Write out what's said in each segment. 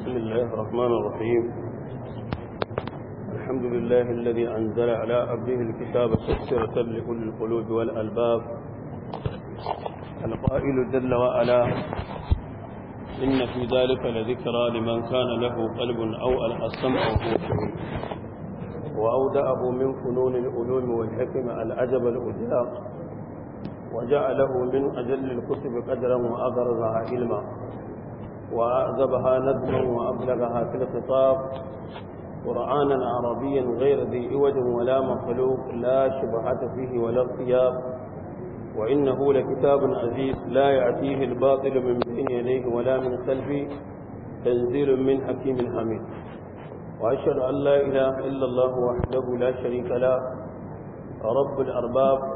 بسم الله الرحمن الرحيم الحمد لله الذي أنزل على عبده الكتاب تفسرة لكل القلوب والألباب القائل جل وعلا إن في ذلك لذكرى لمن كان له قلب أو ألقى السمع وهو وأودأه من فنون الألوم والحكم العجب الأجلاق وجعله من أجل الكتب قدرا وأبرزها علما وأعذبها ندم وأبلغها في الخطاب قرآنا عربيا غير ذي عوج ولا مخلوق لا شبهة فيه ولا اغتياب وإنه لكتاب عزيز لا يعتيه الباطل من بين يديه ولا من خلفه تنزيل من حكيم حميد وأشهد أن لا إله إلا الله وحده لا شريك له رب الأرباب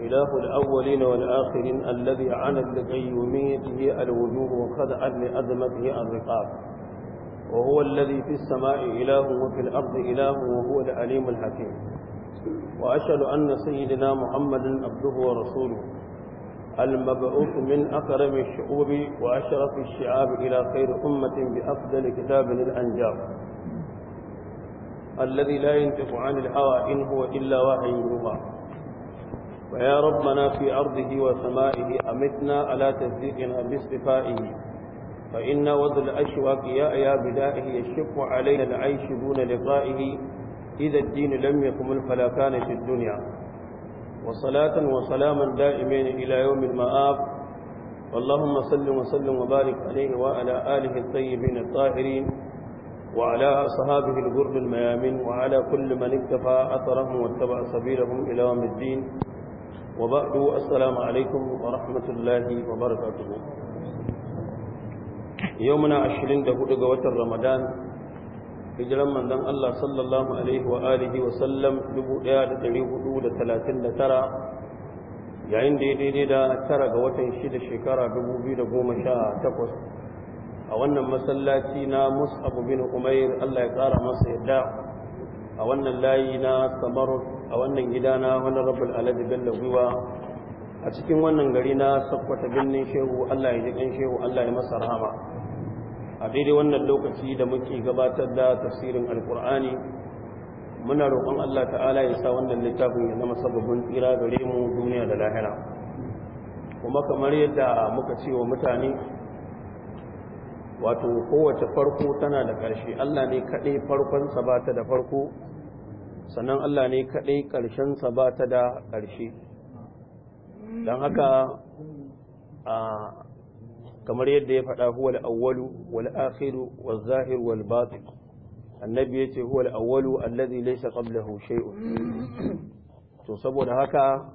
إله الأولين والآخرين الذي عن لقيوميته الوجوه وخدعا لأدمته الرقاب وهو الذي في السماء إله وفي الأرض إله وهو العليم الحكيم وأشهد أن سيدنا محمد عبده ورسوله المبعوث من أكرم الشعوب وأشرف الشعاب إلى خير أمة بأفضل كتاب الأنجاب الذي لا ينتق عن الهوى إن هو إلا وحي يوحى ويا ربنا في أرضه وسمائه أمتنا على تزيقنا باصطفائه فإن وضع الأشواق يا يا بدائه يشق علينا العيش دون لقائه إذا الدين لم يكمل الفلاكان في الدنيا وصلاة وسلاما دائمين إلى يوم المآب اللهم صل وسلم وبارك عليه وعلى آله الطيبين الطاهرين وعلى أصحابه الغر الميامين وعلى كل من اكتفى أثرهم واتبع سبيلهم إلى يوم الدين وبعد السلام عليكم ورحمة الله وبركاته يومنا عشرين دهود قوة رمضان hijiran manzon Allah sallallahu alaihi wa alihi wa sallam 1439 yayin da ya daidai da tara ga watan 6 shekara 2018 a wannan masallaci na Mus'ab bin Umair Allah ya kara masa yadda a wannan layi na samar. a wannan gida na wani rabul alabi bello gwiwa a cikin wannan gari na sakwata birnin shehu allah ya ɗan shehu allah ya masa rahama a daidai wannan lokaci da muke gabatar da tafsirin alkur'ani muna roƙon allah ta'ala ya sa wannan littafin ya zama sababbin tsira gare mu duniya da lahira kuma kamar yadda muka ce wa mutane wato kowace farko tana da ƙarshe allah ne kaɗai farkonsa ba ta da farko sannan Allah ne kaɗai ƙarshensa ba ta da ƙarshe don haka kamar yadda ya faɗa huwal awwalu wal akhiru wal zahir wal batin annabi yace huwal awwalu allazi laysa qablahu shay'un to saboda haka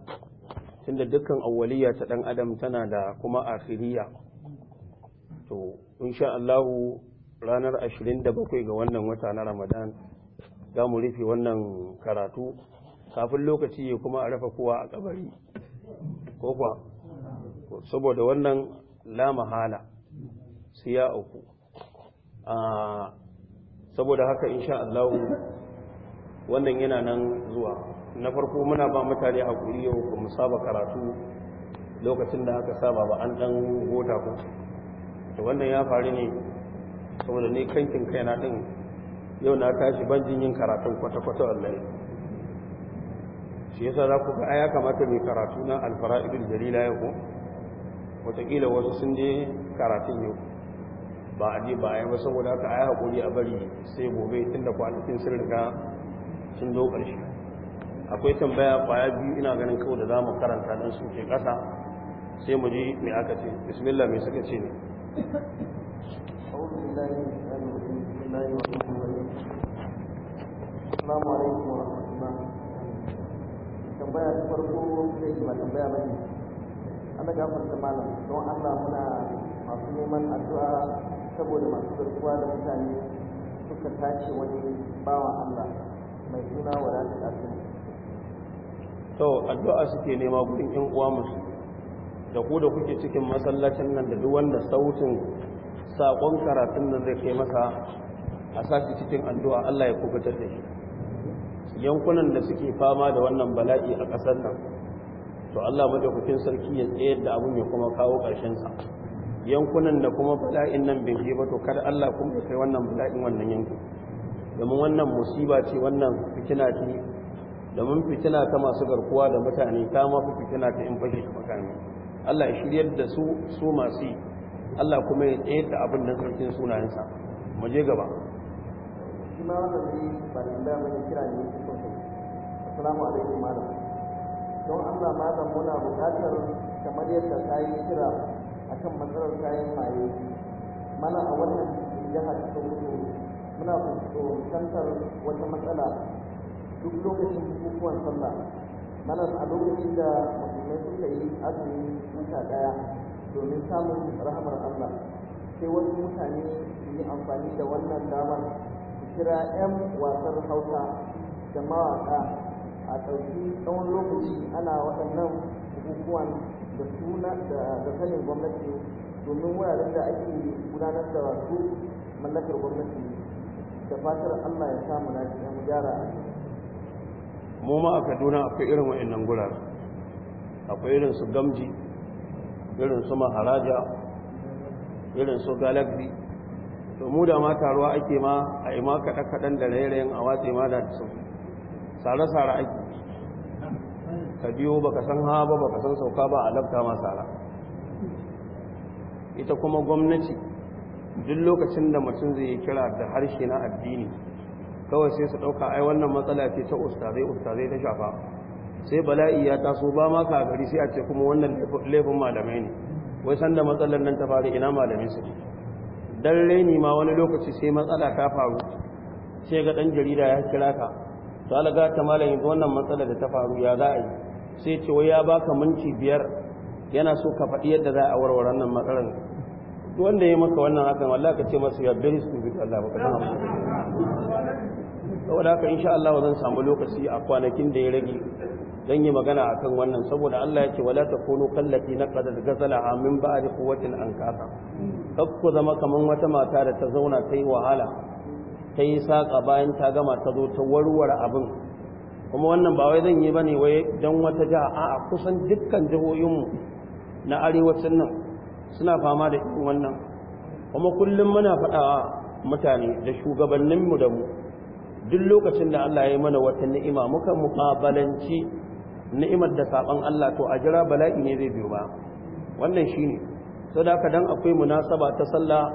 tunda dukkan awwaliya ta ɗan adam tana da kuma ahiriya, to insha Allah ranar 27 ga wannan wata na Ramadan za mu rufe wannan karatu kafin lokaci ya kuma a rafa kowa a kabari ko kuwa saboda wannan lamahala sai ya ah, saboda haka insha Allah wannan yana nan zuwa na farko muna ba mutane hakuri yau kuma saba karatu lokacin da aka saba ba an dan gota ku to wannan ya faru ne saboda ne kankin kaina din yau na tashi ban jin yin karatun kwata-kwata wallahi shi yasa za ku ga ya kamata mai karatu na alfara'idul dalila ya ko wataƙila wasu sun je karatun yau ba a je ba a yi ba saboda haka ai haƙuri a bari sai gobe tun da kwanakin sun riga sun zo ƙarshe akwai tambaya kwaya biyu ina ganin kawai da za mu karanta don suke ke ƙasa sai mu ji mai aka ce bismillah mai suka ce ne السلام عليكم ورحمة الله tambaya ta farko sai ba tambaya ba ne Allah ga malam don Allah muna masu neman addu'a saboda masu garkuwa da mutane suka wani to addu'a suke nema gurin 'yan uwa musu da ku da kuke cikin masallacin nan da duk wanda sautin saƙon karatun nan zai kai masa a sashi cikin addu'a Allah ya kubutar da shi yankunan da suke fama da wannan bala'i a ƙasar nan to Allah madaukakin sarki ya tsayar da abun ya kuma kawo ƙarshen sa yankunan da kuma bala'in nan bai je ba to kada Allah kuma kai wannan bala'in wannan yankin domin wannan musiba ce wannan fitina ce domin fitina ta masu garkuwa da mutane ta ma fi fitina ta in fashe ta makami Allah ya shiryar da su su masu yi Allah kuma ya tsayar da abin nan sarkin sunayensa mu je gaba shi ma wannan bai ba da kira ne assalamu alaikum malam don Allah malam muna buƙatar kamar yadda ta yi kira akan matsalar kayan maye mana a wannan jihar ta mutu muna fuskantar wata matsala duk lokacin bukukuwan sallah mana a lokacin da musulmai suka yi azumi wata daya domin samun rahamar Allah sai wasu mutane su yi amfani da wannan damar su kira 'yan wasan hausa da mawaƙa a ɗauki tsawon lokaci ana waɗannan bukukuwan da suna da sanin gwamnati domin wuraren da ake gudanar da su mallakar gwamnati da fatar Allah ya samu na cikin gyara mu ma a Kaduna akwai irin waɗannan gurare akwai irin su gamji irin su maharaja irin su Galagri to mu da ma taruwa ake ma a ima kaɗa-kaɗan da rairayin a watse ma da su sare-sare ake ka biyo ka san hawa ba ka san sauka ba a lafta masa ala ita kuma gwamnati duk lokacin da mutum zai yi kira da harshe na addini kawai sai su ɗauka ai wannan matsala ce ta ustazai ustazai ta shafa sai bala'i ya taso ba ma ka gari sai a ce kuma wannan laifin malamai ne wai san da matsalar nan ta faru ina malamai su dan reni ma wani lokaci sai matsala ta faru sai ga dan jarida ya kira ka to alaga ta malamin wannan matsalar da ta faru ya za a yi sai ce wai ya baka minti biyar yana so ka faɗi yadda za a warware nan matsalar wanda ya maka wannan hakan wallahi ka ce masa ya su stupid Allah baka san saboda haka insha Allah zan samu lokaci a kwanakin da ya rage dan yi magana akan wannan saboda Allah ya ce wala takunu kallati naqadat gazalaha min ba'di quwwatin ankasa kakku zama kaman wata mata da ta zauna ta yi wahala ta yi saƙa bayan ta gama ta zo ta warware abin kuma wannan ba wai zan yi bane wai don wata jiha a'a kusan dukkan jihohinmu na arewacin nan suna fama da irin wannan kuma kullum muna faɗawa mutane da shugabanninmu da mu duk lokacin da Allah ya yi mana wata ni'ima muka muƙabalanci ni'imar da saban Allah to a jira bala'i ne zai biyo ba wannan shine sau da haka dan akwai munasaba ta sallah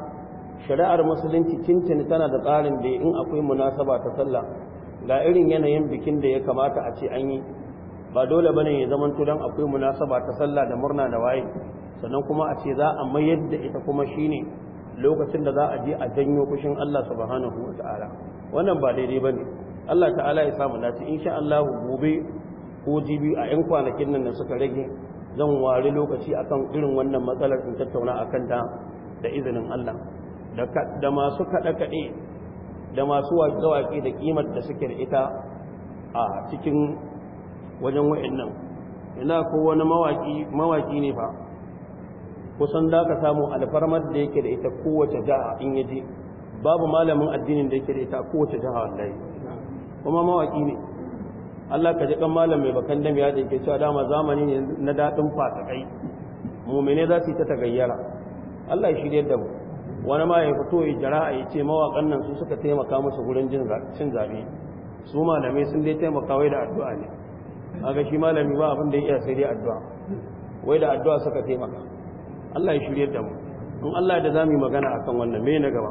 shari'ar musulunci cincin tana da tsarin da in akwai munasaba ta sallah ga irin yanayin bikin da ya kamata a ce an yi ba dole bane ya zama tudan akwai munasaba ta sallah da murna da waye sannan kuma a ce za a mayar da ita kuma shine lokacin da za a je a janyo kushin Allah subhanahu wa ta'ala wannan ba daidai bane Allah ta'ala ya samu in insha Allah gobe ko jibi a yan kwanakin nan da suka rage zan wari lokaci akan irin wannan matsalar in tattauna akan ta da izinin Allah da masu kaɗe-kaɗe da masu waƙe da ƙimar da suke da ita a cikin wajen nan ina ko wani mawaƙi ne fa kusan da ka samu alfarmar da yake da ita kowace jaha in yaje babu malamin addinin da yake da ita kowace jaha wallahi kuma mawaƙi ne Allah ka ji kan malam mai bakan dam ya ɗinke cewa dama zamani ne na daɗin fatakai mu'mine za su yi ta tagayyara Allah ya shirye yadda mu wani ma ya fito ya jara a yi ce mawaƙan nan su suka taimaka musu gudun cin zaɓe su malamai sun dai taimaka wai da addu'a ne a ga shi malami ba abin da ya iya sai dai addu'a wai da addu'a suka taimaka Allah ya shirya da mu in Allah da mu yi magana kan wannan me na gaba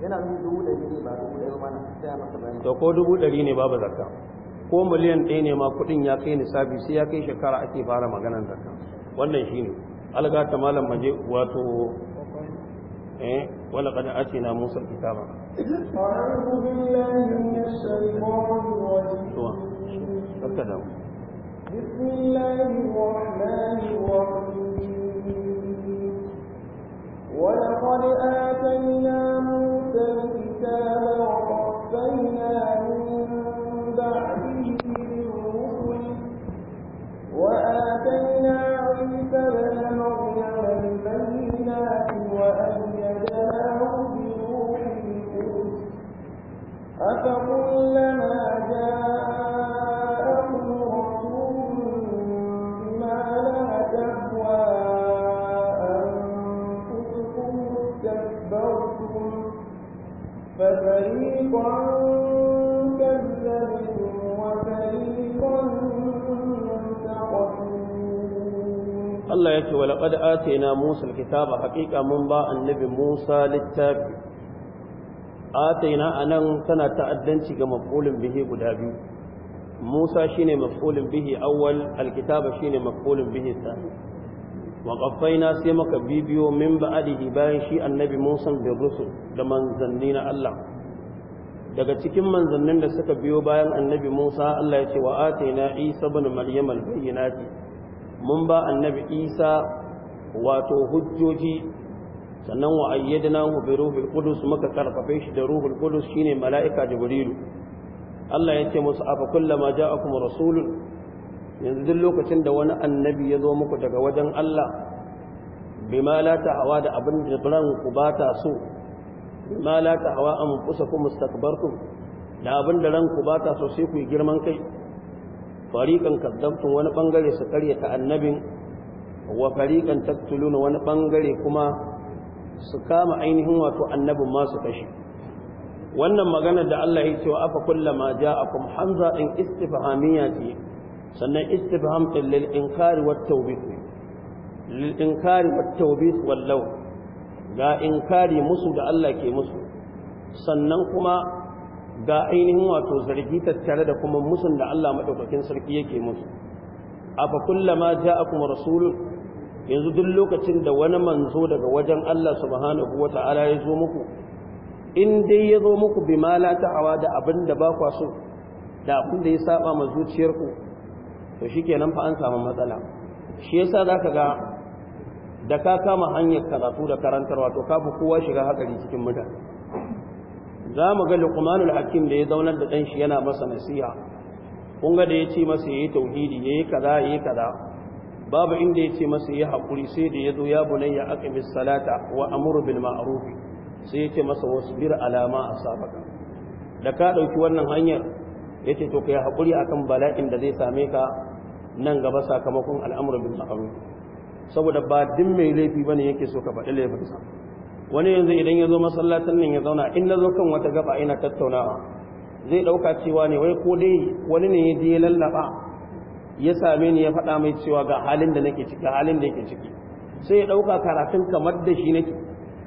da dubu ɗari ne ba ɗari ba na masa ko dubu ɗari ne babu zakka ko miliyan ɗaya ne ma kuɗin ya kai nisabi sai ya kai shekara ake fara maganar kan wannan shi ne ta malam maje wato eh wala ake na musa kitaba a'udhu billahi minash shaitanir ولقد آتينا موسى الكتاب Allah ya ce wa laƙad na Musa kitaba haƙiƙa mun ba annabi Musa littafi a nan tana ta'addanci ga maf'ulin bihi guda biyu Musa shine maf'ulin bihi awwal alkitaba shine maf'ulin bihi ta. wa na sai maka bibiyo min ba’adihi bayan shi annabi Musa da rusul da manzanni na Allah daga cikin manzannin da suka biyo bayan annabi Musa Allah ya ce wa na Isa ibn Maryam al-bayyinati mun ba annabi Isa wato hujjoji sannan wa ayyadnahu bi ruhil qudus muka karfafe shi da ruhul qudus shine mala'ika jibrilu Allah ya ce musu afa kullama ja'akum rasulun yanzu duk lokacin da wani annabi ya zo muku daga wajen Allah bima la ta'awa da abin da ku ba ta so ma la ta'wa anfusakum mustakbartum da abin da ranku ba ta so sai ku yi girman kai fariqan kadzabtum wani bangare su karya ta annabin wa fariqan taqtuluna wani bangare kuma su kama ainihin wato annabin ma su kashi wannan magana da Allah ya ce wa afa kullama ja'akum hamza in istifhamiyya ce sannan istifham lil inkari wat tawbi lil inkari wat tawbi wal law ga kare musu da Allah ke musu sannan kuma ga ainihin wato zargi tattare da kuma musun da Allah madaukakin sarki yake musu afa kullama ja'akum rasul yanzu duk lokacin da wani manzo daga wajen Allah subhanahu wata'ala ya zo muku in dai ya zo muku bi malata awa da abin da ba kwa so da abin ya saba ma zuciyarku to shikenan fa an samu matsala shi yasa zaka ga da ka kama hanyar karatu da karantarwa to ka fi kowa shiga hakari cikin mutane za mu ga luqmanul hakim da ya zaunar da ɗanshi yana masa nasiha kun da ya ce masa yayi tauhidi yayi kaza yayi kaza babu inda ya ce masa yayi hakuri sai da ya zo ya bunayya aqimis salata wa amur bil sai ya ce masa wasbir alama asabaka da ka ɗauki wannan hanyar yace to kai hakuri akan bala'in da zai same ka nan gaba sakamakon al'amru bil saboda ba din mai laifi bane yake so ka faɗi sa wani yanzu idan ya zo masallacin nan ya zauna in na zo kan wata gaba ina tattaunawa zai ɗauka cewa ne wai ko dai wani ne ya je ya lallaba ya same ni ya faɗa mai cewa ga halin da nake ciki halin da yake ciki sai ya ɗauka karatun kamar da shi nake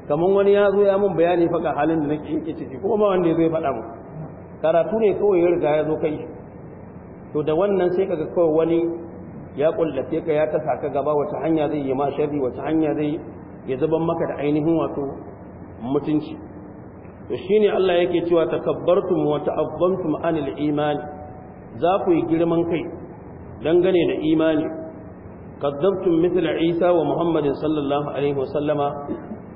kamar wani ya zo ya mun bayani fa ga halin da nake yake ciki ko ma wanda ya zo ya faɗa mu karatu ne kawai ya riga ya zo kai to da wannan sai kaga kawai wani ya kullace ka ya tasa ka gaba wata hanya zai yi ma sharri wata hanya zai ya zuban maka da ainihin wato mutunci to shine Allah yake cewa takabbartum wa ta'azzamtum anil iman za ku yi girman kai dangane da imani kazzabtum mithla Isa wa Muhammadin sallallahu alaihi wasallama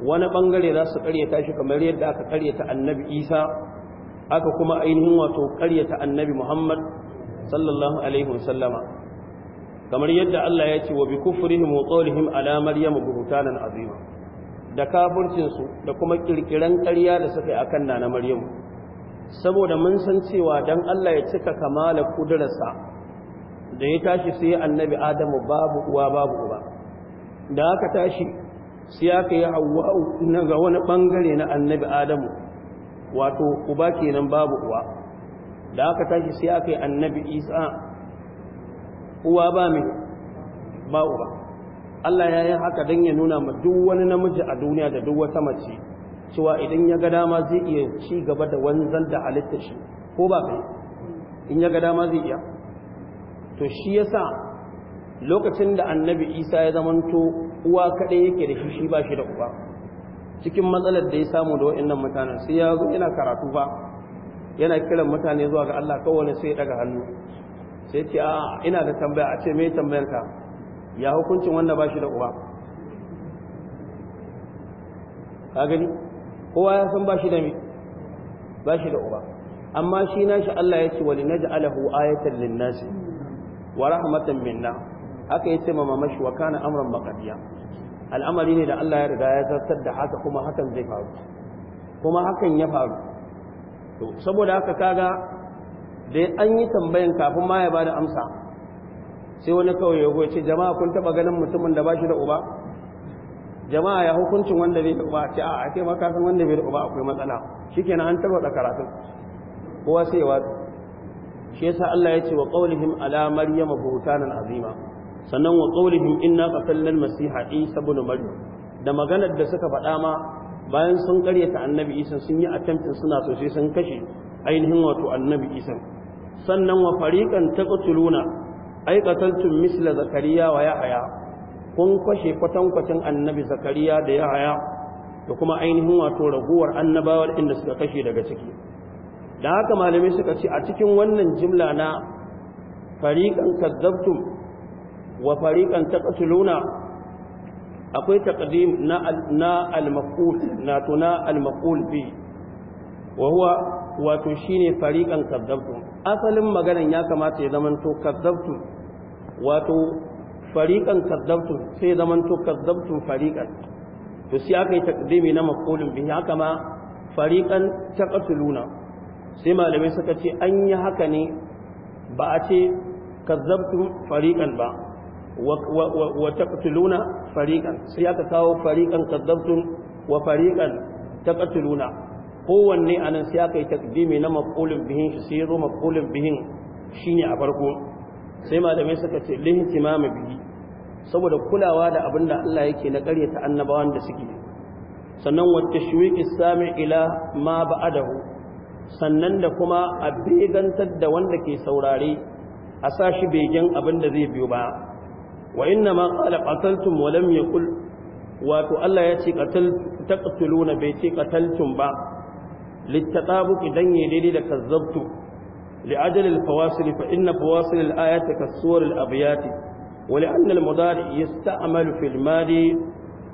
wani bangare za su karyata shi kamar yadda aka karyata annabi Isa aka kuma ainihin wato karyata annabi Muhammad sallallahu alaihi wasallama kamar yadda Allah ya ce wa bi kufrihim wa qawlihim ala maryam buhtanan azima da kafircin su da kuma kirkiran ƙarya da suka yi akan nana maryam saboda mun san cewa dan Allah ya cika kamala kudrarsa da ya tashi sai annabi adamu babu uwa babu uba da aka tashi sai aka yi hawa na ga wani bangare na annabi adamu wato uba kenan babu uwa da aka tashi sai aka yi annabi isa uwa ba mai ba uba Allah ya yi haka don ya nuna ma duk wani namiji a duniya da duk wata mace cewa idan ya ga dama zai iya ci gaba da wanzan da halitta shi ko ba kai in ya ga dama zai iya to shi yasa lokacin da annabi isa ya zamanto uwa kaɗai yake da shi shi ba shi da uba cikin matsalar da ya samu da wa'annan mutanen sai ya zo yana karatu ba yana kiran mutane zuwa ga Allah kowane sai ya daga hannu sai ce a ina da tambaya a ce mai tambayar ka ya hukuncin wanda ba shi da uba ka gani kowa ya san ba shi da ba shi da uba amma shi nashi Allah ya ce wani na ji alahu ayatar linnasi wa rahmatan minna haka ce ma mamashi wa kana amuran maqdiya al'amari ne da Allah ya riga ya zartar da haka kuma hakan zai faru kuma hakan ya faru saboda haka kaga dai an yi tambayin kafin ma ya bada amsa sai wani kawai ya goce jama'a kun taba ganin mutumin da bashi da uba jama'a ya hukuncin wanda bai da uba ce a ake makasin wanda bai da uba akwai matsala shikenan an taba da karatu kowa sai ya shi yasa Allah ya ce wa qaulihim ala maryama buhtanan azima sannan wa qaulihim inna qatalna al-masiha isa ibn maryam da maganar da suka faɗa ma bayan sun karyata annabi isa sun yi attempting suna so sai sun kashe ainihin wato annabi isa sannan wa fariƙan taqtuluna ay misla zakariya wa yahya kun kwashe kwatankwacin annabi zakariya da yahya da kuma ainihin wato raguwar annabawa inda suka kashe daga ciki da haka malamai suka ce a cikin wannan jimla na fariqan kadzabtum wa fariqan taqtuluna akwai taqdim na na al-maqul na tuna al-maqul bi wa huwa wato shine farikan kazzabtu asalin maganin ya kamata ya zamanto kazzabtu wato farikan kazzabtu sai ya zamanto kazzabtu farikan to sai aka yi takdimi na maqulun bihi haka ma fariqan taqtuluna sai malamai suka ce an yi haka ne ba a ce kazzabtu farikan ba wa taqtuluna farikan sai aka kawo farikan kazzabtu wa fariqan taqtuluna kowanne a nan sai aka yi takdimi na maƙulin bihin shi sai zo maƙulin bihin shi ne a farko sai malamai suka ce lihin mai bihi saboda kulawa da abin da Allah yake na ta annabawan da suke sannan wata shuwiƙi sami ila ma ba'adahu sannan da kuma a begantar da wanda ke saurare a sa shi begen abin da zai biyo ba wa inna ma qala qataltum wa lam yaqul wato Allah ya ce qatal taqtuluna bai ce qataltum ba للتطابق دني ديدي da kazzabtu لأجل الفواصل فإن فواصل الآيات كالصور الأبيات ولأن المضارع يستعمل في الماضي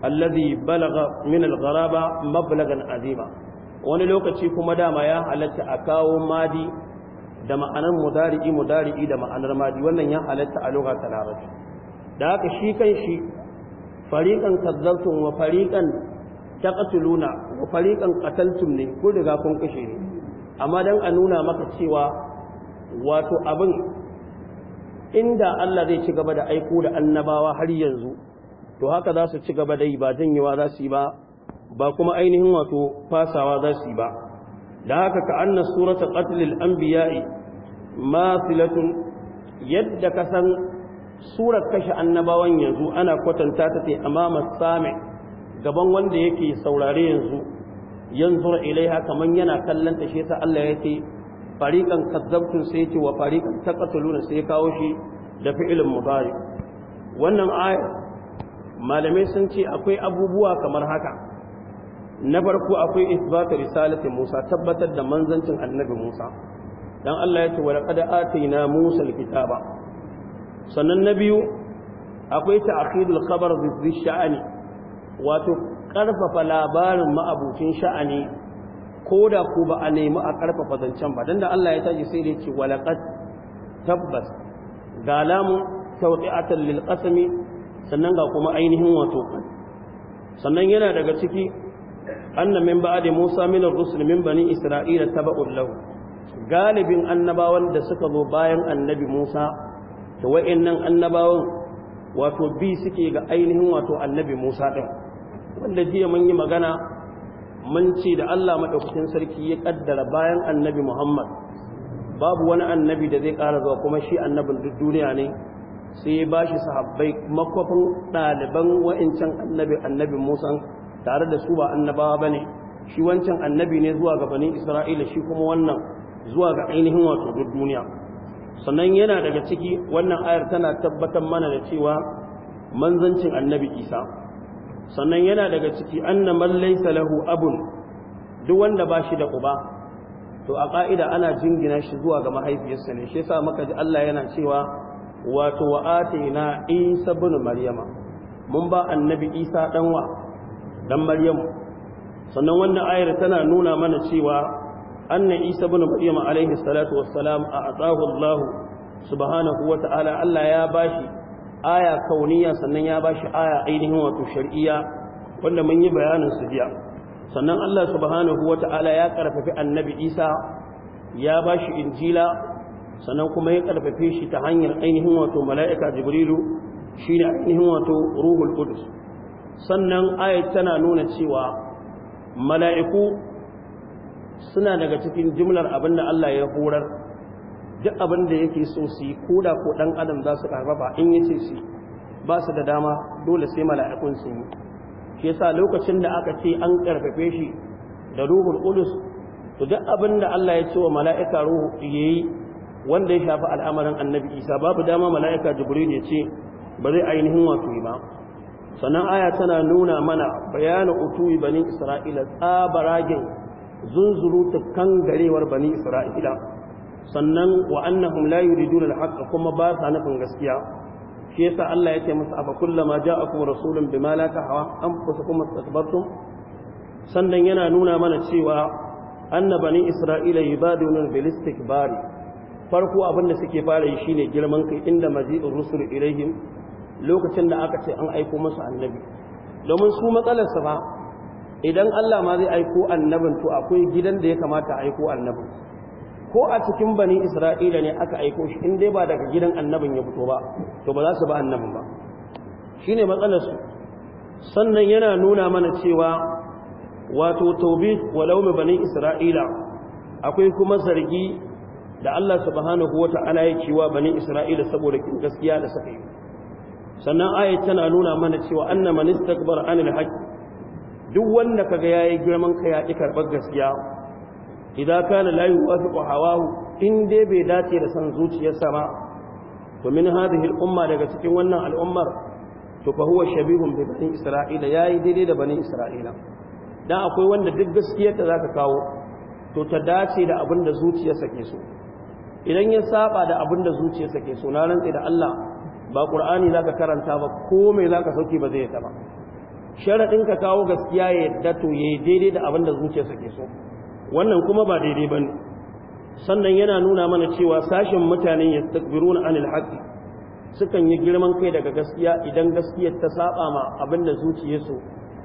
الذي بلغ من الغرابة مبلغا عظيما wani lokaci kuma dama ya halatta a kawo madi da ma'anar mudari'i mudari'i da ma'anar madi wannan ya halatta a lugha ta larabci da haka shi kan shi fariqan kazzabtum wa ta ƙasuluna. fariƙan qataltum ne ko riga kun kashe ne amma don a nuna maka cewa wato abin inda Allah zai ci gaba da aiko da annabawa har yanzu to haka za su ci gaba da yi ba janyewa za su yi ba ba kuma ainihin wato fasawa za su yi ba da haka ka anna suratul qatlil anbiya'i mathilatun yadda ka san surar kashe annabawan yanzu ana kwatanta ta ce amama sami gaban wanda yake saurare yanzu yanzur ilaiha kaman yana kallon ta shi yasa Allah yake fariqan kadzabtum sai yake wa fariqan taqtuluna sai kawo shi da fi'ilin mudari wannan aya malamai sun ce akwai abubuwa kamar haka na farko akwai isbatu risalati Musa tabbatar da manzancin annabi Musa dan Allah yake wa laqad atayna Musa alkitaba sannan na biyu akwai ta'khidul kabar bi sha'ani wato ƙarfafa labarin ma'abucin sha'ani ko da ku ba a nemi a ƙarfafa zancen ba don da Allah ya taji sai da ce walaƙat tabbas ga lamun a tallil ƙasami sannan ga kuma ainihin wato sannan yana daga ciki anna min da Musa min rusulmin bani Isra'ila ba'ul lau galibin annabawan da suka zo bayan annabi Musa da nan annabawan wato bi suke ga ainihin wato annabi Musa ɗin. wanda jiya mun yi magana mun ce da Allah madaukakin sarki ya kaddara bayan annabi Muhammad babu wani annabi da zai ƙara zuwa kuma shi annabin duk duniya ne sai ya bashi sahabbai makwafin ɗaliban wa'incan annabi annabi Musa tare da su ba annabawa bane shi wancan annabi ne zuwa ga banin Isra'ila shi kuma wannan zuwa ga ainihin wato duk duniya sannan yana daga ciki wannan ayar tana tabbatar mana da cewa manzancin annabi Isa sannan yana daga ciki anna man laysa lahu abun duk wanda ba shi da uba to a ƙa'ida ana jingina shi zuwa ga mahaifiyarsa ne shi yasa muka ji Allah yana cewa wato wa atina isa ibn maryama mun ba annabi isa danwa dan maryamu sannan wannan ayar tana nuna mana cewa anna isa ibn maryama alaihi salatu wassalam a atahu Allah subhanahu wa ta'ala Allah ya bashi aya kauniya sannan ya bashi aya ainihin wato shar'iyya wanda mun yi bayanin su jiya sannan Allah subhanahu wata'ala ya karfafi annabi Isa ya bashi injila sannan kuma ya karfafe shi ta hanyar ainihin wato mala'ika jibrilu shine ainihin wato ruhul qudus sannan aya tana nuna cewa mala'iku suna daga cikin jumlar abinda Allah ya horar duk abin da yake so su yi koda ko dan adam za su karfafa in yace su ba su da dama dole sai mala'ikun su yi shi yasa lokacin da aka ce an karfafe shi da ruhul qudus to duk abin da Allah ya ce wa mala'ika ruhu yayi wanda ya shafi al'amarin annabi Isa babu dama mala'ika Jibril ya ce ba zai ainihin wato ba sannan aya tana nuna mana bayanin utuwi bani Isra'ila tsabaragen zunzuru ta kangarewar bani Isra'ila sannan wa annahum la yuriduna al-haqq kuma ba sa nufin gaskiya shi yasa Allah ya ce musu afa kullama ja'akum rasulun bima la tahwa anfusukum istakbartum sannan yana nuna mana cewa anna bani isra'ila yubaduna bil istikbar farko abin da suke fara yi shine girman kai inda maji'ur rusul ilaihim lokacin da aka ce an aiko musu annabi domin su matsalar sa ba idan Allah ma zai aiko annabin to akwai gidan da ya kamata aiko annabin ko a cikin bani isra'ila ne aka aiko shi in dai ba daga gidan annabin ya fito ba to ba za su ba annabin ba Shi ne matsalarsu sannan yana nuna mana cewa wato taubi walau mai bani isra'ila akwai kuma zargi da Allah subhanahu wa ta'ala ya cewa bani isra'ila saboda kin gaskiya da saka yi sannan ayat tana nuna mana cewa anna man anil haqq duk wanda kaga yayi girman kai ya ki karbar gaskiya idan kana layu yuwafiqu hawahu in dai bai dace da san zuciyarsa ba to min hadhihi umma daga cikin wannan al'ummar to fa huwa shabihun bi bani isra'ila yayi daidai da bani isra'ila dan akwai wanda duk gaskiyar da zaka kawo to ta dace da abin da zuciyarsa ke so idan ya saba da abin da zuciyarsa ke so na rantsi da Allah ba qur'ani zaka karanta ba ko mai zaka sauki ba zai ta ba sharadin ka kawo gaskiya ya yadda to yayi daidai da abin da zuciyarsa ke so wannan kuma ba daidai ne. sannan yana nuna mana cewa sashin mutane yastakbiruna anil haqqi sukan yi girman kai daga gaskiya idan gaskiyar ta saba ma abinda zuciyarsu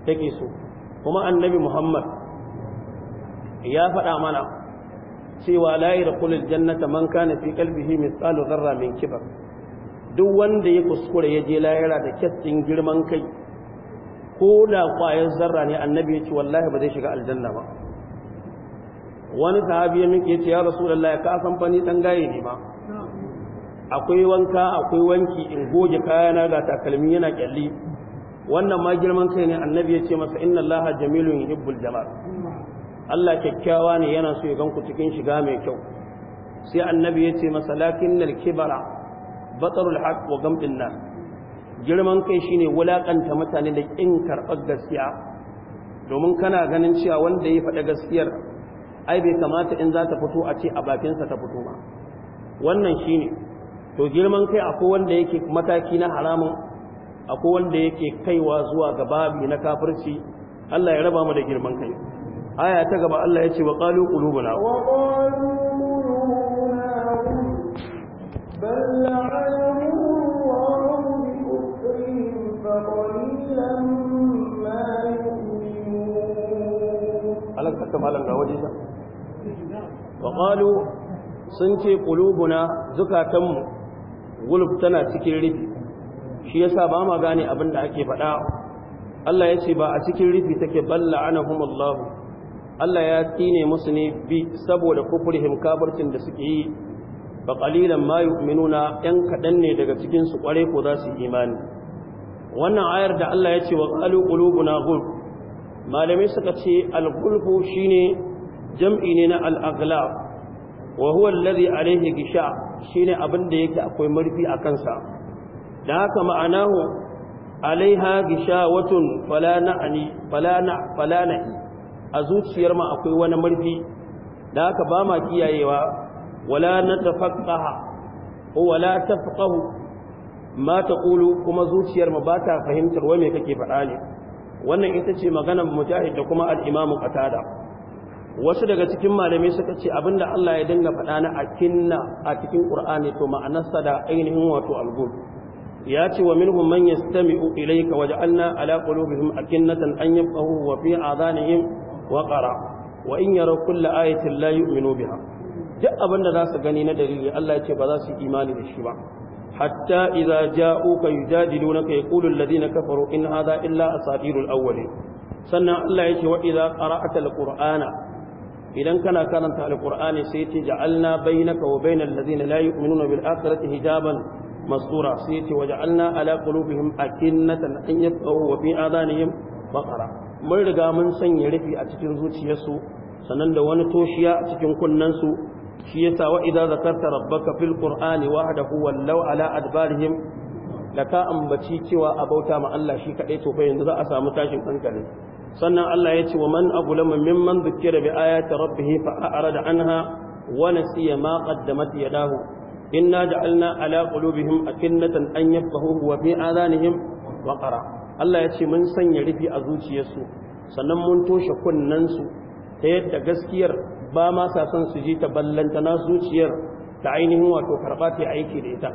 take so kuma annabi Muhammad ya faɗa mana cewa la yadkhulul jannata man kana fi qalbihi mithqalu dharra min kibar duk wanda ya kuskure ya je layara da kyastin girman kai ko da ƙwayar zarra ne annabi ya ce wallahi ba zai shiga aljanna ba wani sahabi ya miƙe ya ce ya rasulullahi ka san Fani dan gaye ne ba akwai wanka akwai wanki in goge kayana ga takalmi yana kyalli wannan ma girman kai ne annabi ya ce masa inna allaha jamilun yuhibbul jamal Allah kyakkyawa ne yana so ya gan ku cikin shiga mai kyau sai annabi ya ce masa lakinnal kibara batarul haq wa gamdin nas girman kai shine wulakanta mutane da kin karɓar gaskiya domin kana ganin cewa wanda ya faɗa gaskiyar ai bai kamata in za ta fito a ce a bakinsa ta fito ba wannan shine to girman kai akwai wanda yake mataki na haramun akwai wanda yake kaiwa zuwa ga babi na kafirci Allah ya raba mu da girman kai aya ta gaba Allah ya ce wa qalu qulubuna wa qalu Allah ka malam ga waje faƙalu sun ce ƙulubuna zukatanmu gulub tana cikin rufi shi ya sa ba ma gane abin da ake faɗa Allah ya ce ba a cikin rufi take balla ana humallahu Allah ya tine musu ne bi saboda kufurhim kabarcin da suke yi ba ƙalilan ma minuna yan kaɗan ne daga cikin su ko za su imani wannan ayar da Allah ya ce wa ƙulubu na gulb. malamai suka ce al shi ne. jam'i ne na al'aglab wa huwa alladhi alayhi gisha shine abin da yake akwai murfi a kansa da haka ma'anahu alaiha gisha watun falana a zuciyar ma akwai wani murfi da haka ba ma kiyayewa wala natafaqaha wala tafqahu ma ƙulu kuma zuciyar ma ba ta fahimtar wani kake faɗa ne wannan ita ce maganar mujahid da kuma al-imamu wasu daga cikin malamai suka ce abinda Allah ya dinga faɗa na akinna a cikin Qur'ani to ma'anarsa da ainihin wato algul ya ce wa minhum man yastami'u ilayka waj'alna ala qulubihim akinnatan an yafqahu wa fi adhanihim waqara wa in yaraw kulla ayatin la yu'minu biha duk abinda za su gani na dalili Allah ya ce ba za su imani da shi ba حتى إذا جاءوك يجادلونك يقول الذين كفروا إن هذا إلا Sannan Allah ya ce يشي وإذا قرأت القرآن idan kana karanta alkur'ani sai ce ja'alna bainaka wa bainal ladina la yu'minuna bil akhirati hijaban mastura sai ce waja'alna ala qulubihim akinnatan an yafqahu wa fi adanihim baqara mun riga mun sanya rufi a cikin zuciyarsu sannan da wani toshiya a cikin kunnansu shi yasa wa idza zakarta rabbaka fil qur'ani wahdahu wallaw ala adbarihim da ka ambaci cewa a bauta ma Allah shi kaɗai to fa yanzu za a samu tashin hankali sannan Allah ya ce wa man abulama mimman dhukira bi ayati rabbih fa a'rada anha wa nasiya ma qaddamat yadahu inna ja'alna ala qulubihim akinnatan an yafqahu wa fi adanihim waqara Allah ya ce mun sanya rufi a zuciyarsu sannan mun toshe su ta yadda gaskiyar ba ma sa son su ji ta ballanta na zuciyar ta ainihin wato karba ta aiki da ita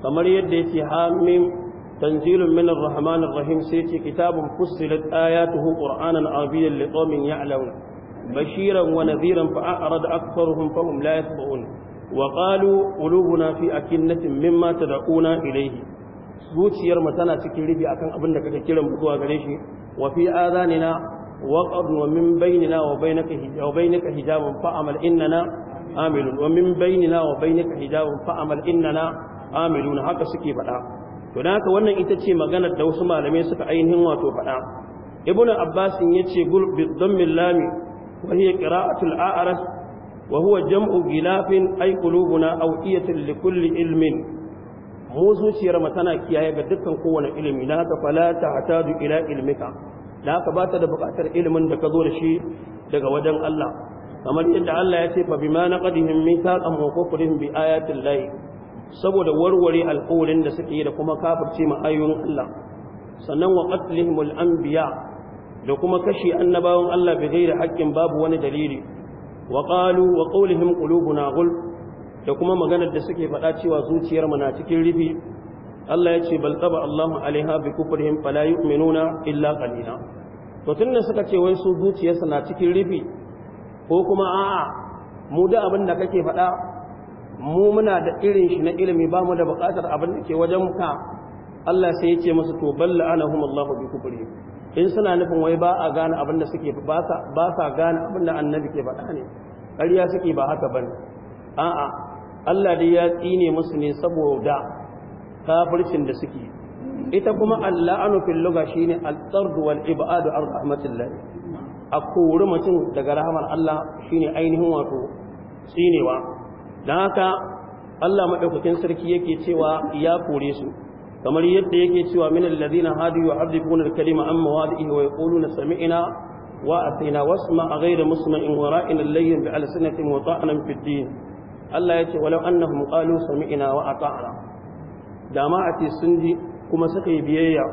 kamar yadda ya ce hamim tanzilun min ar rahim sai ce kitabun fussilat ayatuhu qur'anan arabiyyan liqaumin ya'lamun bashiran wa nadhiran fa a'rada aktharuhum fa hum la yasma'un wa qalu qulubuna fi akinnatin mimma tad'una ilayhi zuciyar mu tana cikin ribi akan abin da kake kiran mu zuwa gare shi wa fi adanina wa min wa bainaka haka suke to da haka wannan ita ce maganar da wasu malamai suka ainihin wato faɗa ibn abbas ya ce gul bi dhammil lam wa hiya qira'atul a'ras wa huwa jam'u gilafin ay qulubuna awqiyatan li kulli ilmin mu zuciyar mu tana kiyaye ga dukkan kowane ilimi na haka fala ta'tadu ila ilmika da haka ba ta da buƙatar ilimin da ka zo da shi daga wajen Allah kamar yadda Allah ya ce fa bima naqadihim mithaqan wa kufrihim bi ayatil lahi saboda warware alƙawarin da suke yi da kuma kafirce ma ayoyin Allah sannan wa qatlihim al-anbiya da kuma kashi annabawan Allah bi ghairi haqqin babu wani dalili wa qalu wa qawlihim qulubuna da kuma maganar da suke faɗa cewa zuciyar mu na cikin rufi Allah ya ce bal taba Allahu alaiha bi kufrihim fala yu'minuna illa qalila to tunda suka ce wai su zuciyarsa na cikin rufi ko kuma a'a mu da abin da kake faɗa mu muna da irin shi na ilimi ba mu da buƙatar abin da ke wajen ka Allah sai ya ce masu to balla anahum Allahu bi kufri in suna nufin wai ba a gane abin da suke ba sa ba sa gane abin da annabi ke faɗa ne ƙarya suke ba haka bane a'a Allah dai ya tsine musu ne saboda kafircin da suke ita kuma anu fil lugha shine al-tard wal ibad ar rahmatillah a kori mutum daga rahmar Allah shine ainihin wato tsinewa don haka Allah maɗaukakin sarki yake cewa ya kore su kamar yadda yake cewa min alladhina hadu yu'adhibuna al-kalima an mawadihi wa yaquluna sami'na wa atina wasma ghayra musma'in wa ra'ina al-layl bi alsinatin wa ta'nan fi din Allah yace walau annahum qalu sami'na wa ata'na dama a ce sun ji kuma suka yi biyayya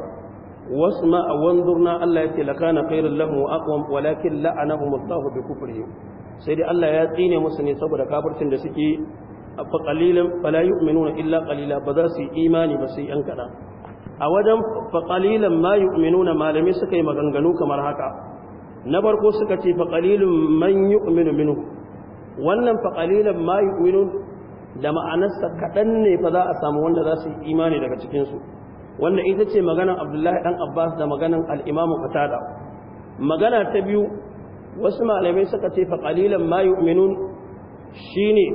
wasma wanzurna Allah yace lakana khayran lahum wa aqwam walakin la'anahum Allah bi kufrihim sai dai Allah ya tsine musu ne saboda kafircin da suke fa qalilan fala yu'minuna illa qalila ba za su yi imani ba sai yan kada a wajen fa qalilan ma yu'minuna malami suka yi maganganu kamar haka na farko suka ce fa qalilun man yu'minu minhu wannan fa qalilan ma yu'minun da ma'anarsa kaɗan ne fa za a samu wanda za su yi imani daga cikinsu Wanda ita ce maganan abdullahi ɗan abbas da maganan al'imamu katada magana ta biyu wasu malamai suka ce fa qalilan ma yu'minun shine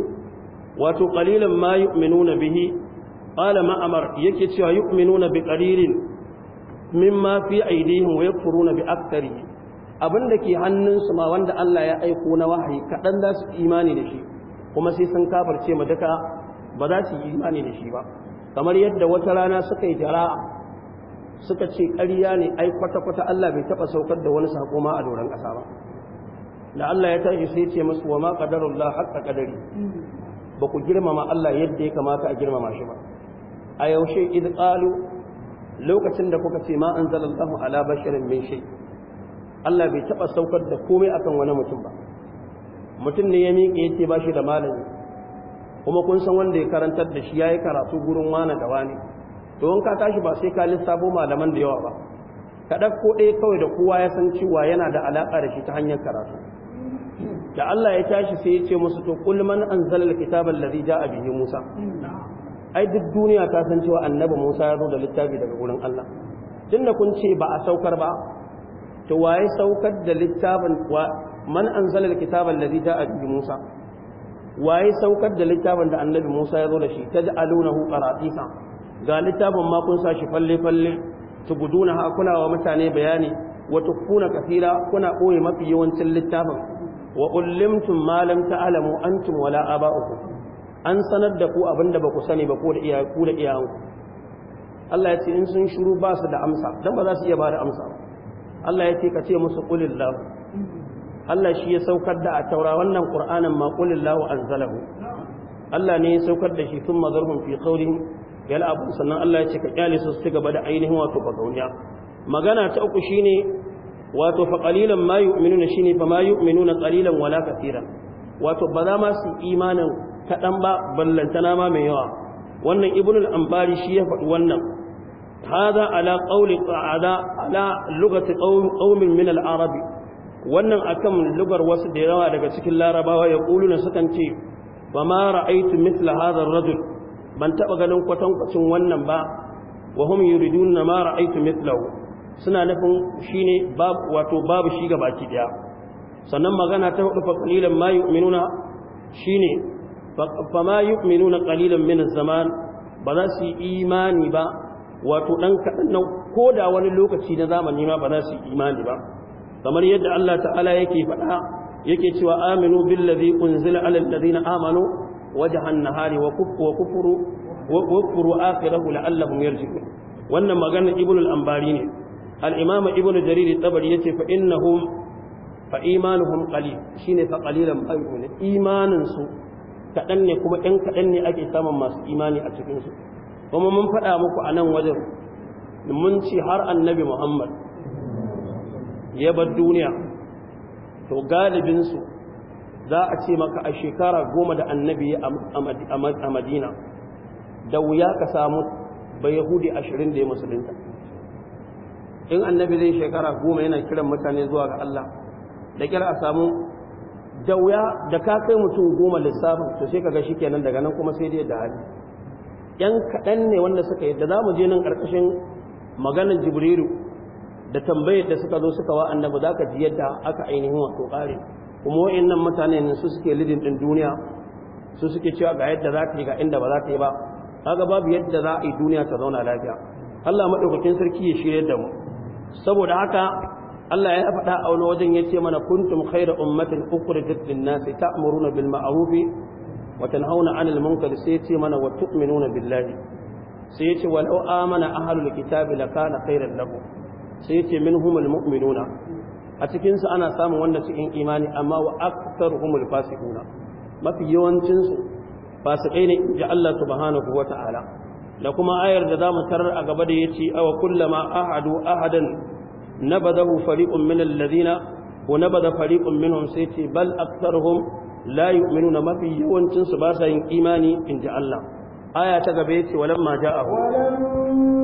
wato qalilan ma na bihi qala ma'amar yake cewa na bi qalilin mimma fi aydihim wa yakfuruna bi akthari abinda ke hannunsu ma wanda Allah ya aiko na wahayi kadan za su imani da shi kuma sai sun kafarce ma duka ba za su imani da shi ba kamar yadda wata rana suka yi jara'a suka ce ƙarya ne ai kwata-kwata Allah bai taɓa saukar da wani saƙo ma a doron ƙasa ba da Allah ya tashi sai ce musu wa ma qadarullah haqqa qadari ba ku girmama Allah yadda ya kamata a girmama shi ba a yaushe id qalu lokacin da kuka ce ma anzalallahu ala basharin min shay Allah bai taɓa saukar da komai akan wani mutum ba mutum ne ya miƙe yake ba shi da malami kuma kun san wanda ya karantar da shi ya yi karatu gurin wani da wani to in ka tashi ba sai ka lissafo malaman da yawa ba ka ko ɗaya kawai da kowa ya san cewa yana da alaƙa da shi ta hanyar karatu da Allah ya tashi sai ya ce musu to kul man anzala alkitaba alladhi jaa bihi Musa ai duk duniya ta san cewa annabi Musa ya zo da littafi daga gurin Allah tunda kun ce ba a saukar ba to waye saukar da littafin wa man anzala alkitaba alladhi jaa bihi Musa waye saukar da littafin da annabi Musa ya zo da shi taj'alunahu qaratisa ga littafin ma kun sa shi falle falle tuguduna ha kuna wa mutane bayani wa tukuna kafira kuna boye mafi yawancin littafin wa malam ta alamu an antum wala aba'ukum an sanar da ku abinda ba ku sani ba ku da iyayenku Allah ya ce in sun shiru ba su da amsa don ba za su iya ba da amsa Allah ya ce ka ce musu qulillahu Allah shi ya saukar da a taura wannan Qur'anin ma qulillahu anzalahu Allah ne ya saukar da shi tun mazarhum fi qawlin yal'abu sannan Allah ya ce ka kyale su su gaba da ainihin wato bagauniya magana ta uku shine wato fa qalilan ma yu'minuna shine fa ma yu'minuna qalilan wala kathiran wato ba za ma su imanin kadan ba ballantana ma mai yawa wannan ibnu al-anbari shi ya faɗi wannan hada ala qawli qa'ada ala lugati qaumin min al-arabi wannan akan lugar wasu da yawa daga cikin larabawa ya kuluna sukan ce ba ma ra'aytu mithla hadha ar-rajul ban taba ganin kwatankwacin wannan ba wa hum yuriduna ma ra'aytu mithlahu suna nufin shine babu wato babu shi gabaki daya sannan magana ta hudu fa qalilan ma yu'minuna shine fa ma yu'minuna ƙalilan min az-zaman ba za su yi imani ba wato ɗan kaɗan nan ko da wani lokaci na zamani ma ba za su yi imani ba kamar yadda Allah ta'ala yake faɗa yake cewa aminu billazi unzila alal ladina amanu wajhan nahari wa kufru wa kufru akhirahu la'allahum yarji'un wannan magana ibnul anbari ne al Ibn ibnu jarir tabari yace fa innahum shine fa qalilan ayun imanin Imaninsu kaɗan ne kuma 'yan kaɗan ne ake samun masu imani a cikinsu. kuma mun faɗa muku a nan wajen mun ci har annabi muhammad ya bar duniya to galibinsu za a ce maka a shekara goma da annabi a madina da wuya ka samu bai yahudi ashirin da ya musulunta in annabi zai shekara goma yana kiran mutane zuwa ga Allah da kira a samu da wuya da ka kai mutum goma lissafin to sai kaga shi kenan daga nan kuma sai dai da hali yan kaɗan ne wanda suka yi da za mu je nan ƙarƙashin maganar jibrilu da tambayar da suka zo suka wa annabi za ka ji yadda aka ainihin wato ƙare kuma wa'annan mutane ne su suke lidin ɗin duniya su suke cewa ga yadda za ka yi ga inda ba za ka yi ba kaga babu yadda za a yi duniya ta zauna lafiya Allah maɗaukakin sarki ya shirya da mu saboda haka Allah ya faɗa a wani wajen ce mana kuntum khayra ummatin ukhrijat lin-nasi ta'muruna bil ma'ruf wa tanhauna 'anil munkar sai ce mana wa tu'minuna billahi sai yace walau amana ahlul kitabi lakana khayran lahum sai yace minhumul mu'minuna a cikin su ana samun wanda cikin imani amma wa aktharuhumul fasiquna mafi yawancin su fasikai ne ji Allah subhanahu wata'ala da kuma ayar da zamu tarar a gaba da yace aw kullama ahadu ahadan nabadahu fariqun min alladhina wa nabada fariqun minhum sayti bal aktharuhum la yu'minuna mafi yawancin su ba sa yin imani inji Allah aya ta gaba yace walamma ja'ahu walamma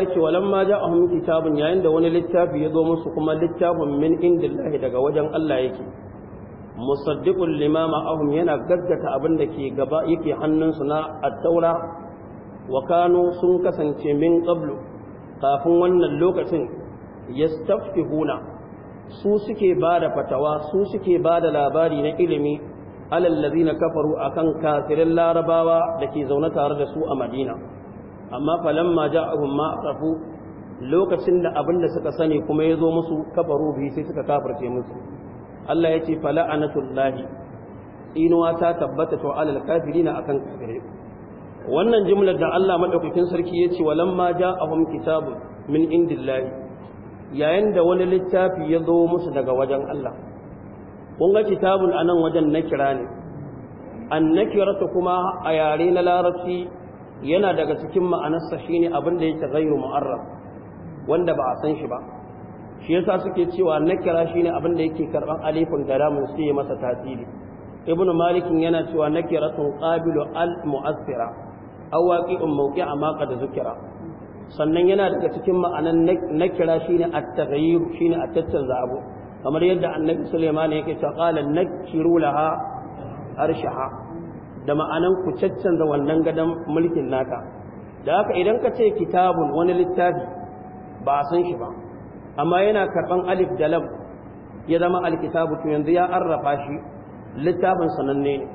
ya ce ja ja'ahum kitabun yayin da wani littafi ya zo musu kuma littafin min indillahi daga wajen Allah yake musaddiqul limama ahum yana gaggata abin da ke gaba yake hannunsu na at-taura wa kanu sun kasance min qablu kafin wannan lokacin yastafihuna su suke bada fatawa su suke bada labari na ilimi alal ladina kafaru akan kafirin larabawa dake zaune tare da su a Madina amma falamma abun ma aqafu lokacin da abin da suka sani kuma ya zo musu kafaru bi sai suka kafirce musu Allah ya ce fala'anatullahi inuwa ta tabbata to alal kafirina akan kafire wannan jimlar da Allah madaukakin sarki ya ce walamma abun kitabun min indillahi yayin da wani littafi ya zo musu daga wajen Allah kun ga kitabun nan wajen nakira ne annakiratu kuma a yare na larabci yana daga cikin ma'anarsa shine abin da yake ghairu mu'arraf wanda ba a san shi ba shi yasa suke cewa nakira shine abin da yake karban alifin garamin sai ya masa tasiri ibnu malikin yana cewa nakiratun qabilu al mu'assira in waqi'un a ma da zukira sannan yana daga cikin ma'anar nakira shine at-taghayyur shine a tanza abu kamar yadda annabi sulaiman yake cewa qala ha harshe arshaha da ma'anan ku caccanza wannan gadon mulkin naka da haka idan ka ce kitabun wani littafi ba a san shi ba amma yana karɓan alif da lam ya zama alkitabu to yanzu ya arrafa shi littafin sananne ne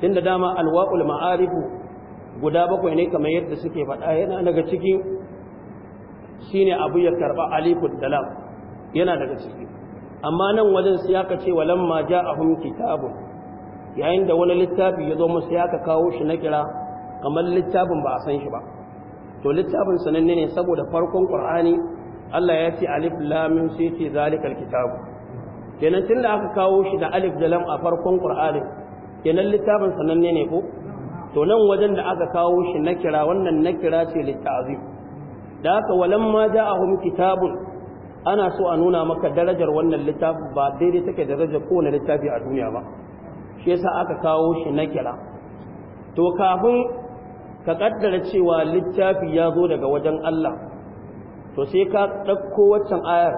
tunda dama Alwa'ul ma'arifu guda bakwai ne kamar yadda suke faɗa yana daga ciki shine abu ya karɓa alifu da lam yana daga ciki amma nan wajen siyaka ce walamma ja'ahum kitabun yayin da wani littafi ya zo musu ya ka kawo shi na kira kamar littafin ba a san shi ba to littafin sananne ne saboda farkon qur'ani Allah ya ce alif lam mim sai ce zalikal kitab kenan da aka kawo shi da alif da lam a farkon qur'ani kenan littafin sananne ne ko to nan wajen da aka kawo shi na kira wannan na kira ce litta'zim da haka a ja'ahum kitabun ana so a nuna maka darajar wannan littafi ba daidai take darajar kowane littafi a duniya ba shi yasa aka kawo shi na kira to kafin ka kaddara cewa littafi ya zo daga wajen Allah to sai ka ɗauko waccan ayar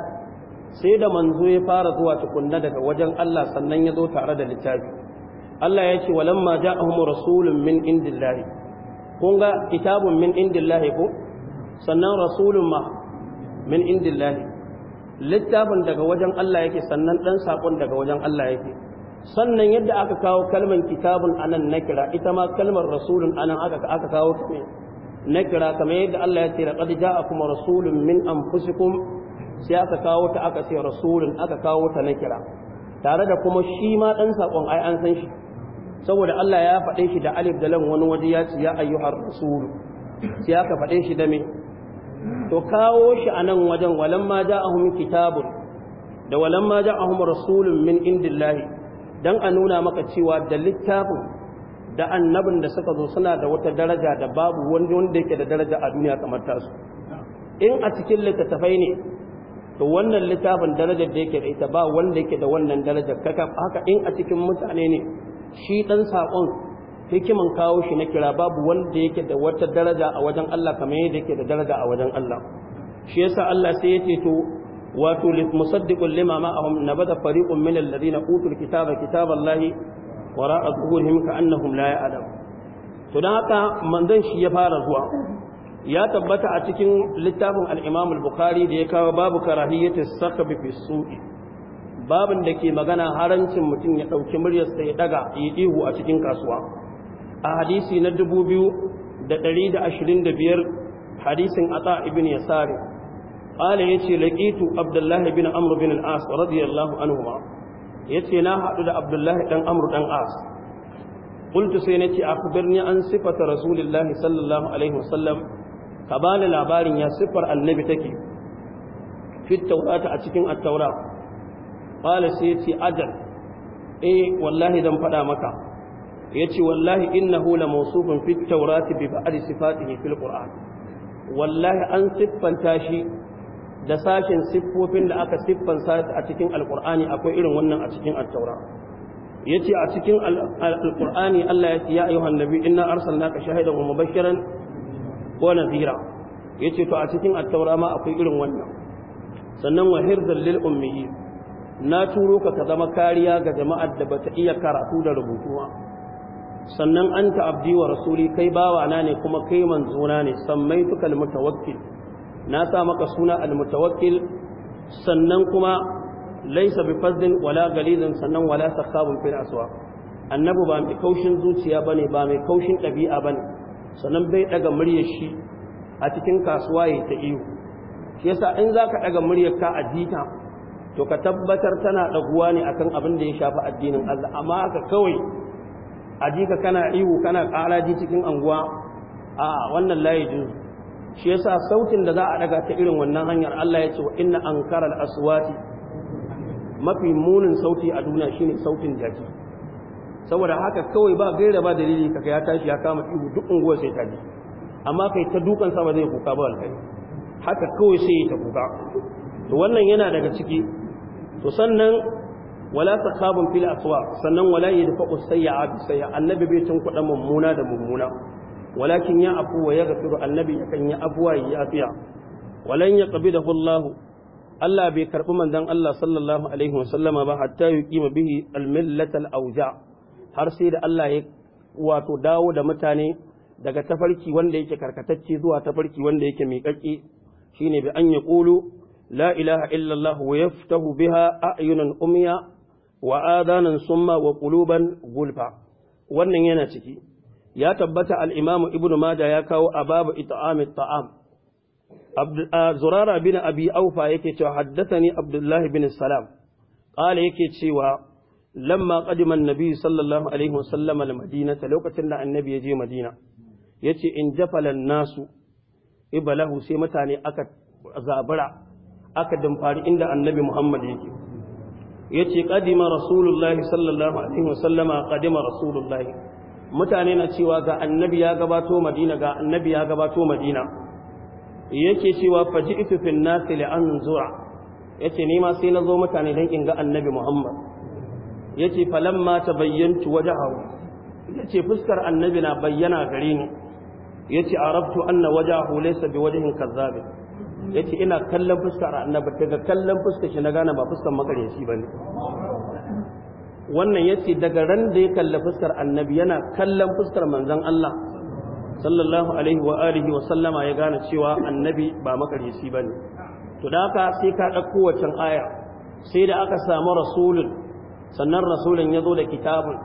sai da manzo ya fara zuwa tukunna daga wajen Allah sannan ya zo tare da littafi Allah ya ce walamma ja'ahum rasulun min indillahi kun ga kitabun min indillahi ko sannan rasulun ma min indillahi littafin daga wajen Allah yake sannan dan sakon daga wajen Allah yake sannan yadda aka kawo kalmar kitabun anan nakira ita ma kalmar rasulun anan aka aka kawo nakira kamar yadda Allah ya ce laqad ja'akum rasulun min anfusikum sai aka kawo ta aka ce rasulun aka kawo ta nakira tare da kuma shi ma dan sakon ai an san shi saboda Allah ya faɗe shi da alif da lam wani waje ya ce ya ayyuhar rasul sai aka faɗe shi da me to kawo shi anan wajen walamma ja'ahum kitabun da walamma ja'ahum rasulun min indillahi don a nuna maka cewa da littafin da annabin da suka zo suna da wata daraja da babu wanda wanda yake da daraja a duniya kamar tasu in a cikin littattafai ne to wannan littafin darajar da yake da ita ba wanda yake da wannan darajar kaka haka in a cikin mutane ne shi dan sakon hikiman kawo shi na kira babu wanda yake da wata daraja a wajen Allah kamar yadda yake da daraja a wajen Allah shi yasa Allah sai ya ce to wato musaddiqun lima ma'ahum nabada fariqun min alladhina utul kitaba kitaballahi wara'a zuhurihim ka'annahum la ya'lam to dan haka manzon shi ya fara zuwa ya tabbata a cikin littafin al-Imam al-Bukhari da ya kawo babu karahiyatu sakabi fi su'i babin da ke magana harancin mutum ya dauki muryarsa ya daga yi ihu a cikin kasuwa a hadisi na 2225 hadisin Ata ibn Yasari qala yace laqitu abdullah bin amr bin as radiyallahu anhuma yace na hadu da abdullah dan amr dan as qultu sai nace akhbirni an sifata rasulullah sallallahu alaihi wasallam ka bani labarin ya sifar annabi take fi tawrata a cikin at-taura qala sai yace ajal eh wallahi dan fada maka yace wallahi innahu la mawsufun fi at-taurati bi ba'd sifatihi fil Ƙur'ani. wallahi an siffanta shi da sashen siffofin da aka siffansa a cikin alkur'ani akwai irin wannan a cikin attaura ya ce a cikin alkur'ani allah ya ce ya ayyuhan nabi inna arsalnaka shahidan wa mubashiran wa nadhira ya ce to a cikin attaura ma akwai irin wannan sannan wa hirzan lil ummiyi na turo ka ka zama kariya ga jama'ar da bata iya karatu da rubutu sannan anta abdi wa rasuli kai bawa na ne kuma kai manzona ne sammai tukal mutawakkil na sa maka suna al-mutawakkil sannan kuma laisa bi fazdin wala galizin sannan wala sakabun fil aswa annabi ba mai kaushin zuciya bane ba mai kaushin ɗabi'a bane sannan bai daga muryar shi a cikin kasuwa ya ta iyo shi yasa in zaka daga muryar ka a jita to ka tabbatar tana daguwa ne akan abin da ya shafi addinin Allah amma ka kawai a jika kana ihu kana ji cikin anguwa a wannan layi juzu shi yasa sautin da za a daga ta irin wannan hanyar Allah ya ce wa inna al aswati mafi munin sauti a duniya shine sautin jaki saboda haka kawai ba gaira ba dalili kaga ya tashi ya kama ihu duk unguwar sai ta ji amma kai ta dukan sa ba zai kuka ba alkai haka kawai sai ya ta kuka to wannan yana daga ciki to sannan wala takhabun fil aswa sannan wala yadfa'u sayya'a bisayya annabi bai tun kudan mummuna da mummuna walakin ya afu wa ya gafiru annabi yakan yi afuwa ya afiya walan ya qabidahu Allah Allah bai karbi manzan Allah sallallahu alaihi wasallama ba hatta yuqima bihi al-millat al-awja har sai da Allah ya wato dawo da mutane daga tafarci wanda yake karkatacce zuwa tafarci wanda yake miƙaƙƙe shine bi an yaqulu la ilaha illa Allah wa biha a'yunan umya wa adanan summa wa kuluban gulfa wannan yana ciki ya tabbata al'imamu imamu ibnu majah ya kawo ababu it'amit ta'am zurara bin abi aufa yake cewa haddathani abdullahi bin salam qala yake cewa lamma qadima annabi sallallahu alaihi wasallam almadinata lokacin da annabi ya je madina ce in jafalan nasu ibalahu sai mutane aka zabura aka damfari inda annabi muhammad yake Ya ce qadima rasulullahi sallallahu alaihi wasallama qadima rasulullahi mutane na cewa ga annabi ya gabato madina ga annabi ya gabato madina yake cewa faji'tu fil nas li anzura yace ni ma sai na zo mutane dan in ga annabi Muhammad yace falamma tabayyantu ya yace fuskar annabi na bayyana gare ni yace arabtu anna wajhahu laysa kazzabi kazzab yace ina kallon fuskar annabi daga kallon fuskar shi na gane ba fuskar ba bane wannan yace daga ran da ya kalli fuskar annabi yana kallon fuskar manzon Allah sallallahu alaihi wa alihi wa sallama ya gane cewa annabi ba makaryaci bane to da haka sai ka dauko wancan aya sai da aka samu rasulun sannan rasulun ya zo da kitabun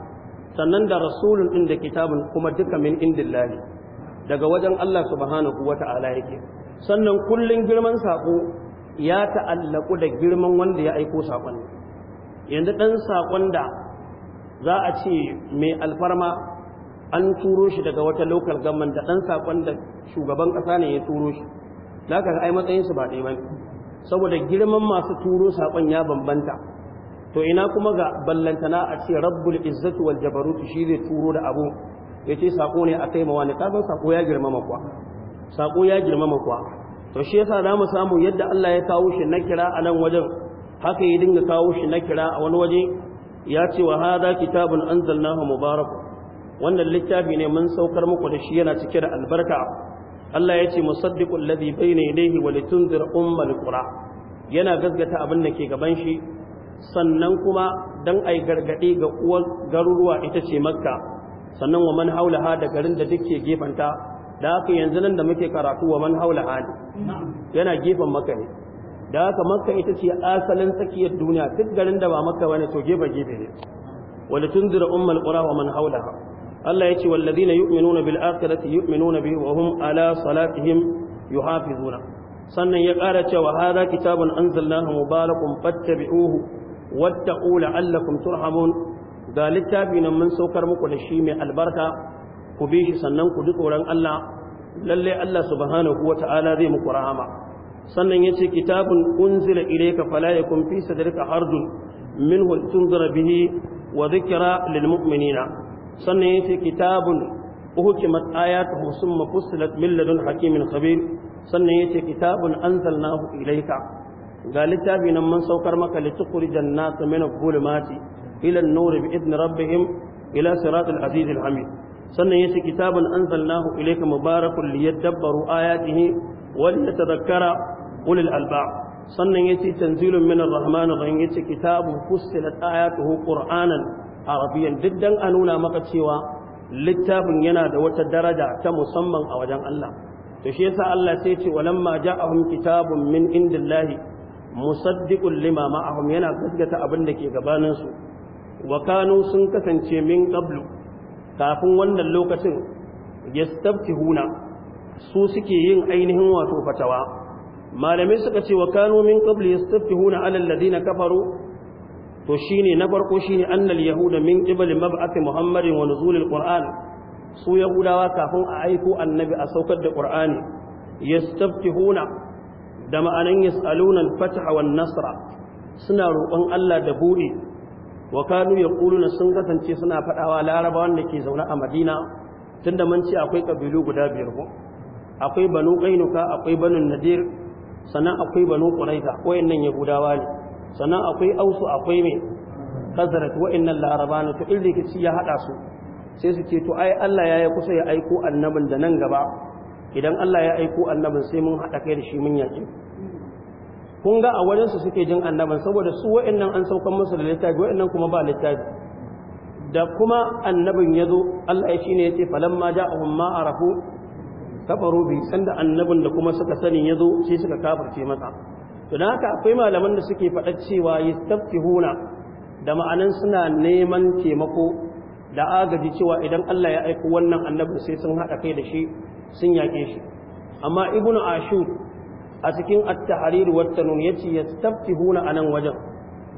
sannan da rasulun din da kitabun kuma duka min indillahi daga wajen Allah subhanahu wata'ala yake sannan kullun girman sako ya ta'allaku da girman wanda ya aiko saƙonni. yanzu ɗan saƙon da za a ce mai alfarma an turo shi daga wata lokal government da ɗan saƙon da shugaban ƙasa ne ya turo shi da aka ai matsayinsu ba ɗaya ba saboda girman masu turo saƙon ya bambanta to ina kuma ga ballantana a ce rabbul izzatu wal jabarut shi zai turo da abu ya ce saƙo ne a kai ne kafin saƙo ya girmama kuwa saƙo ya girmama kuwa to shi yasa za mu samu yadda Allah ya kawo shi na kira a nan wajen haka ya dinga kawo shi na kira a wani waje ya ce wa hada kitabun anzalnahu mubarak wannan littafi ne mun saukar muku da shi yana cike da albarka Allah ya ce musaddiqul ladhi bayna yadayhi wa litunzir ummal qura yana gaskata abin da ke gaban shi sannan kuma dan ai gargadi ga uwar garuruwa ita ce makka sannan wa man ha da garin da take gefanta da haka yanzu nan da muke karatu wa man ha yana gefen makka ne da haka makka ita ce asalin tsakiyar duniya duk garin da ba makka bane to gefe gefe ne wala tunzira ummul qura wa man hawlaha Allah yace walladina yu'minuna bil akhirati yu'minuna bihi wa hum ala salatihim yuhafizuna sannan ya kara cewa hadha kitabun anzalnahu mubarakun fattabi'uhu wattaqu la'allakum turhamun da littafi nan mun saukar muku da shi mai albarka ku bi shi sannan ku ji tsoron Allah lalle Allah subhanahu wata'ala zai muku rahama sannan ya ce kitabun unzila ilaika fala yakun fi sadrika harjun minhu tunzira bihi wa dhikra lil mu'minina sannan ya ce kitabun uhukimat ayatuhu summa fussilat min ladun hakimin khabir sannan ya ce kitabun anzalnahu ilaika ga littafi nan mun saukar maka litukhrijan nas min adh-dhulumati ila an-nur bi idni rabbihim ila siratil azizil hamid sannan ya ce kitabun anzalnahu ilayka mubarakun liyadabbaru ayatihi wani ta zakara ulil alba sannan ya ce tanzilun minar rahman rahim ya ce kitabun fussilat ayatuhu qur'anan arabiyan duk dan a nuna maka cewa littafin yana da wata daraja ta musamman a wajen Allah to shi yasa Allah sai ya ce walamma ja'ahum kitabun min indillahi musaddiqun lima ma'ahum yana gaskata abin da ke gabanin su sun kasance min qablu kafin wannan lokacin yastafihuna su suke yin ainihin wato fatawa malamai suka ce wa kanu min qabli yastafihuna ala alladhina kafaru to shine na farko shine annal yahuda min qibli mab'ath muhammadin wa nuzulil qur'an su yahudawa kafin a aiko annabi a saukar da qur'ani yastafihuna da ma'anan yas'aluna al-fatha nasra suna roƙon Allah da buɗe wa kanu yaquluna sun kasance suna faɗawa larabawan da ke zaune a madina tunda mun ce akwai kabilu guda biyar ko akwai banu qainuka akwai banu nadir sannan akwai banu quraiza wayannan yahudawa ne sannan akwai ausu akwai me kazarat wayannan larabana to in rikici ya hada su sai su ce to ai Allah ya yi kusa ya aiko annabin da nan gaba idan Allah ya aiko annabin sai mun hada kai da shi mun yaki kun ga a wajen su suke jin annabin saboda su wayannan an saukan musu da littafi wayannan kuma ba littafi da kuma annabin ya zo Allah ya shine ya ce falamma ja'ahum ma arafu kafaru bi sanda annabin da kuma suka sani ya zo sai suka kafarce masa to da haka akwai malaman da suke faɗa cewa yastaftihuna da ma'anan suna neman taimako da agaji cewa idan Allah ya aiko wannan annabi sai sun haɗa kai da shi sun yaƙe shi amma ibnu ashur a cikin at-tahrir wa tanun yace yastafihuna anan wajen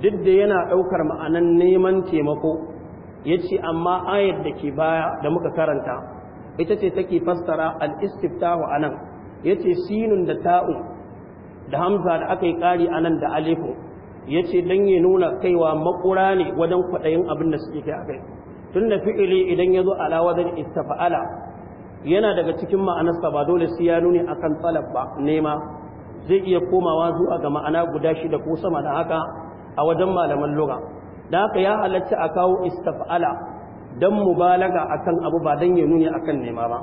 duk da yana ɗaukar ma'anan neman taimako yace amma ayar da ke baya da muka karanta ita ce take fassara al-istiftahu anan yace sinun da ta'u da hamza da aka yi kari anan da alifu yace dan ya nuna kaiwa makura ne wajen kwadayin abin da suke kai akai tunda fi'ili idan yazo ala wajen istafa'ala yana daga cikin ma'anarsa ba dole sai ya nuni akan talab ba nema zai iya komawa zuwa ga ma'ana guda shida ko sama da haka a wajen malaman lugha da haka ya halatta a kawo istafa'ala dan mubalaga akan abu ba dan ya nuni akan nema ba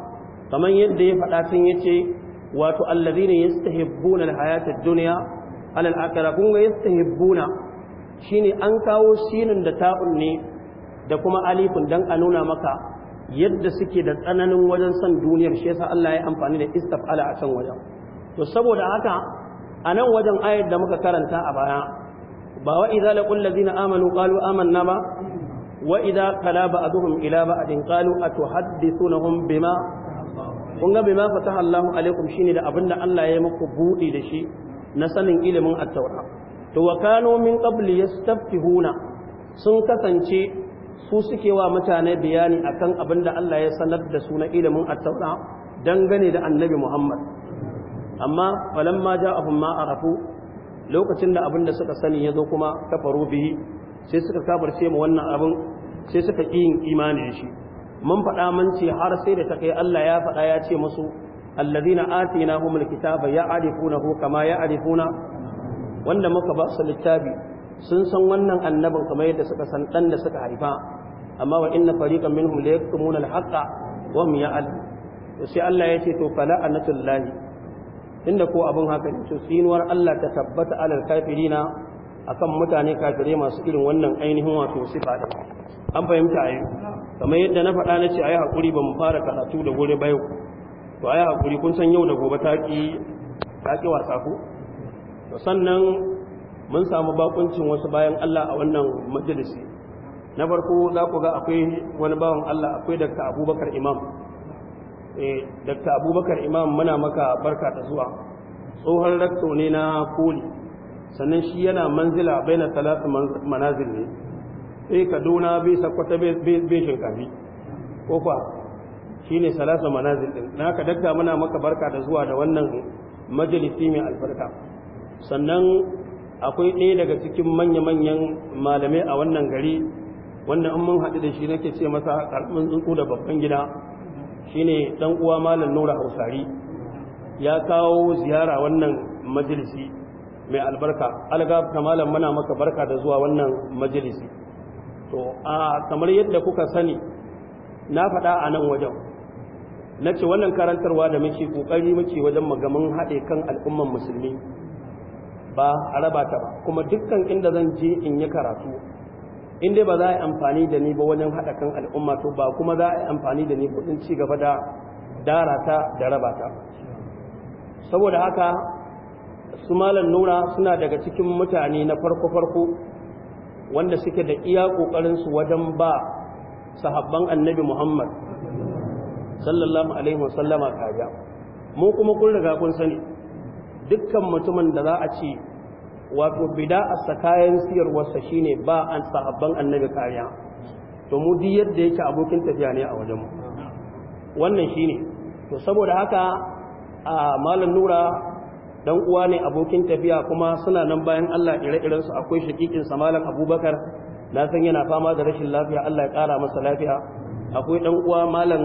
kamar yadda ya faɗa tun ce, wato alladhina yastahibbuna alhayata ad-dunya ala al-akhirah kun ga yastahibbuna shine an kawo sinin da ta'un ne da kuma alifun dan a nuna maka yadda suke da tsananin wajen son duniyar shi yasa Allah ya amfani da istaf'ala a can wajen to saboda haka a nan wajen ayar da muka karanta a baya ba wa idza laqul ladina amanu qalu amanna ba wa idza qala ba'dhum ila ba'din qalu atuhaddithunahum bima kun ga bima fataha Allahu alaikum shine da abinda Allah ya muku buɗe da shi na sanin ilimin at-taura to wa kanu min qabli yastaftihuna sun kasance su suke wa mutane bayani akan abinda Allah ya sanar da su na ilimin at-taura dangane da annabi Muhammad amma falamma ja'ahum ma arafu lokacin da abin da suka sani ya zo kuma kafaru bihi sai suka kabarce mu wannan abin sai suka ƙi yin imani da shi mun faɗa mun ce har sai da ta kai Allah ya faɗa ya ce musu allazina atinahumul kitaba ya'rifunahu kama ya'rifuna wanda muka ba su littafi sun san wannan annabin kamar yadda suka san dan da suka haifa amma wa inna fariqan minhum la yaktumuna al-haqqa wa hum ya'lamun sai Allah ya ce to fala anatullahi inda ko abun haka ne to tsinuwar Allah ta tabbata alal kafirina akan mutane kafire masu irin wannan ainihin wato sifa da an fahimta a kamar yadda na faɗa na ce a yi haƙuri ba mu fara karatu da wuri bayo to a yi haƙuri kun san yau da gobe ta ƙi wasa ku to sannan mun samu bakuncin wasu bayan Allah a wannan majalisi na farko za ku ga akwai wani bawan Allah akwai Dr. Abubakar Imam eh Dr. Abubakar Imam muna maka barka da zuwa tsohon rakto ne na koli sannan shi yana manzila bai na talata manazil ne sai kaduna bai sakwata bai shinkafi ko kwa shi ne salasa manazil ɗin na ka dakta muna maka barka da zuwa da wannan majalisi mai albarka sannan akwai ɗaya daga cikin manya-manyan malamai a wannan gari wanda in mun haɗu da shi nake ce masa ƙarfin tsuntsu da babban gida shine ɗan uwa malam nura hausari ya kawo ziyara wannan majalisi mai albarka algab ta malam muna maka barka da zuwa wannan majalisi to a kamar yadda kuka sani na faɗa a nan wajen na ce wannan karantarwa da muke ƙoƙari muke wajen magamin haɗe kan al'umman musulmi ba a raba ta ba kuma dukkan inda zan je in yi karatu in dai ba za a yi amfani da ni ba wajen haɗa kan al'umma to ba kuma za a yi amfani da ni kuɗin ci gaba da dara ta da rabata saboda haka su malam nura suna daga cikin mutane na farko-farko wanda suke da iya ƙoƙarinsu wajen ba sahabban annabi muhammad sallallahu alaihi wasallama kariya mu kuma kun riga kun sani dukkan mutumin da za a ce wato bida a sakayen siyarwarsa shine ba an sahabban annabi kariya to mu duk yadda yake abokin tafiya ne a wajenmu wannan shine to saboda haka a malam nura dan uwa ne abokin tafiya kuma suna nan bayan Allah ire-iren su akwai shakikin sa malam Abubakar na san yana fama da rashin lafiya Allah ya kara masa lafiya akwai dan uwa malam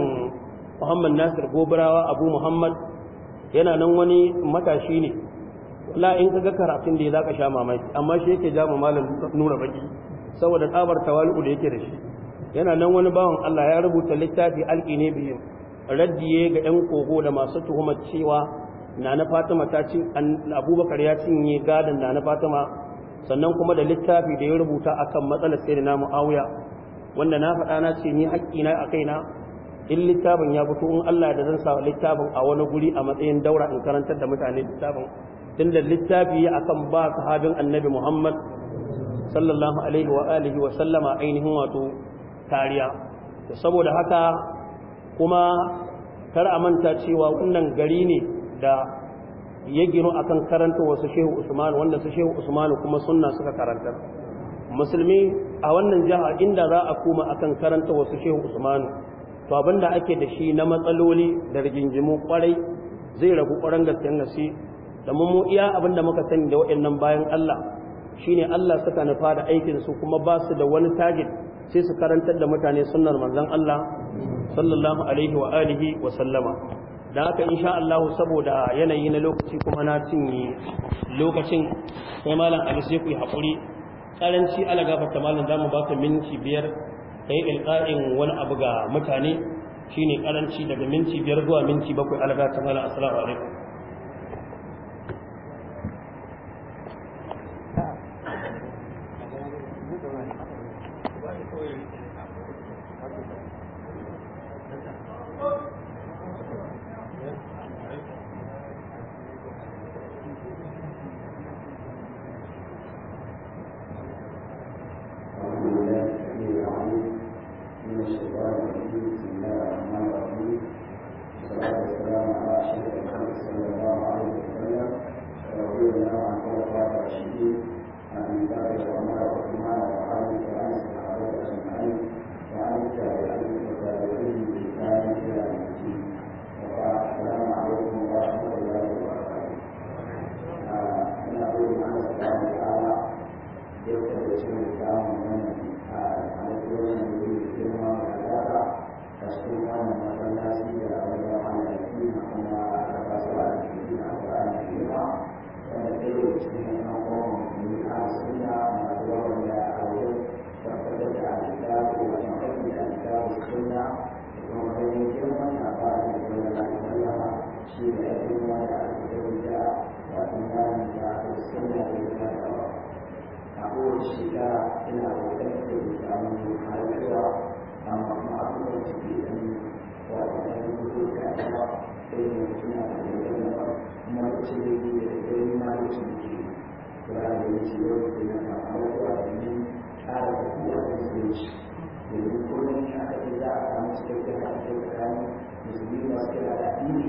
Muhammad Nasir Gobrawa Abu Muhammad yana nan wani matashi ne la in kaga karatun da ya zaka sha mamaki amma shi yake ja malam Nura Baki saboda tsabar tawali'u da yake da shi yana nan wani bawan Allah ya rubuta littafi alƙi ne raddiye ga 'yan kogo da masu tuhumar cewa nana fatima ta ci abubakar ya cinye gadon nana fatima sannan kuma da littafi da ya rubuta a kan matsalar sai na awuya wanda na faɗa na ce ni na a kaina in littafin ya fito in Allah da zan sa littafin a wani guri a matsayin daura in karantar da mutane littafin tunda littafi ya akan ba sahabin annabi Muhammad sallallahu alaihi wa alihi wa sallama ainihin wato kariya saboda haka kuma kar a manta cewa wannan gari ne da ya gino akan karanta wasu shehu usman wanda su shehu usman kuma sunna suka karanta musulmi a wannan jiha inda za a kuma akan karanta wasu shehu usman to abinda ake da shi na matsaloli da rigingimu kwarai zai ragu kwarin gaskiyar nasi da mu iya abinda muka sani da waɗannan bayan Allah shine Allah suka nufa da aikin su kuma ba su da wani target sai su karantar da mutane sunnar manzon Allah sallallahu alaihi wa alihi wa sallama da haka insha Allah saboda yanayi na lokaci kuma na cinye lokacin sai malam Ali sai ku yi hakuri karanci ala gafarta malam ba ka minti biyar ka yi ilqa'in wani abu ga mutane shine ƙaranci daga minti biyar zuwa minti bakwai ala gafarta malam assalamu alaikum ita ina kuma suna da yi yi yi a samu cikakken hankali tsakanin musulmi masu kira da addini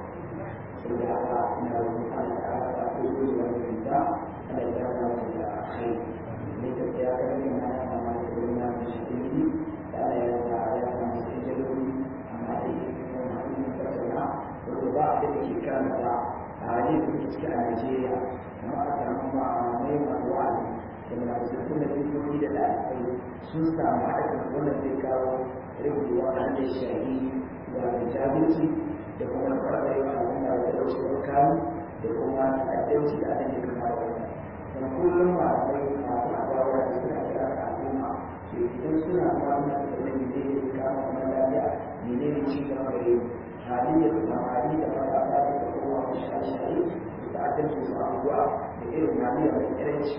sun samu haɗa wannan zai kawo rikin wani shari'i da jami'ci da kuma kwarai da al'umma da talauci da kayi da kuma ta'addanci da abin da kama da wannan don a malamai masu abawa da suna kira ga al'umma to idan suna kwana da wani ne ne da kama wannan lafiya ne ne ne ci gaba da yi hali da samari da matasa da kowa da shaye-shaye da ta'addanci su abubuwa da irin hali da ƙiranci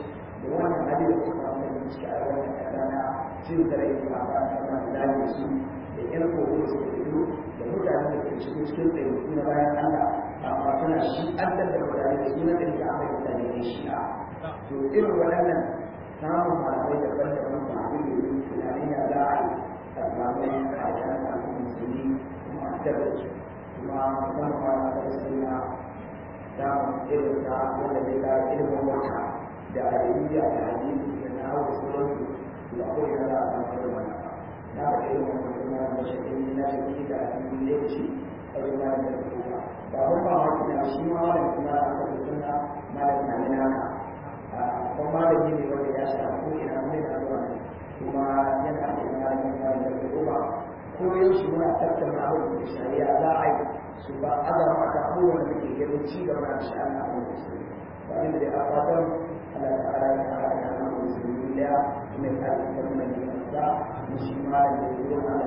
da wannan hali da suka samu da ciki a ranar da rana cin zarafi ba a kan da su cikin tsayyaku da bayan Allah amma suna shi addar da wadanda da suna da ke da shi a to irin waɗannan samun ban daban-daban ba a yi yi tunanin ya za a yi tsakanin kayan al'ummar musulmi kuma a tabbaci kuma musamman malamai suna samun irin sa wanda zai ga irin wata da al'umma da hadisi da na hawa sauransu da akwai a kan wani na da irin wani kuma da shi ne na shi da a cikin lokaci فإن فهم هؤلاء الشيوعة والإسلام أهل السنة ما لنا منها وما لديه ولا يشرفون إلى أمرنا دونه وما ينفع إلى za a yi su ba da ke ganin ci gaba na sha'an abubuwan da da ya da mai ƙarfi mai ƙasa musulma da ya yi wani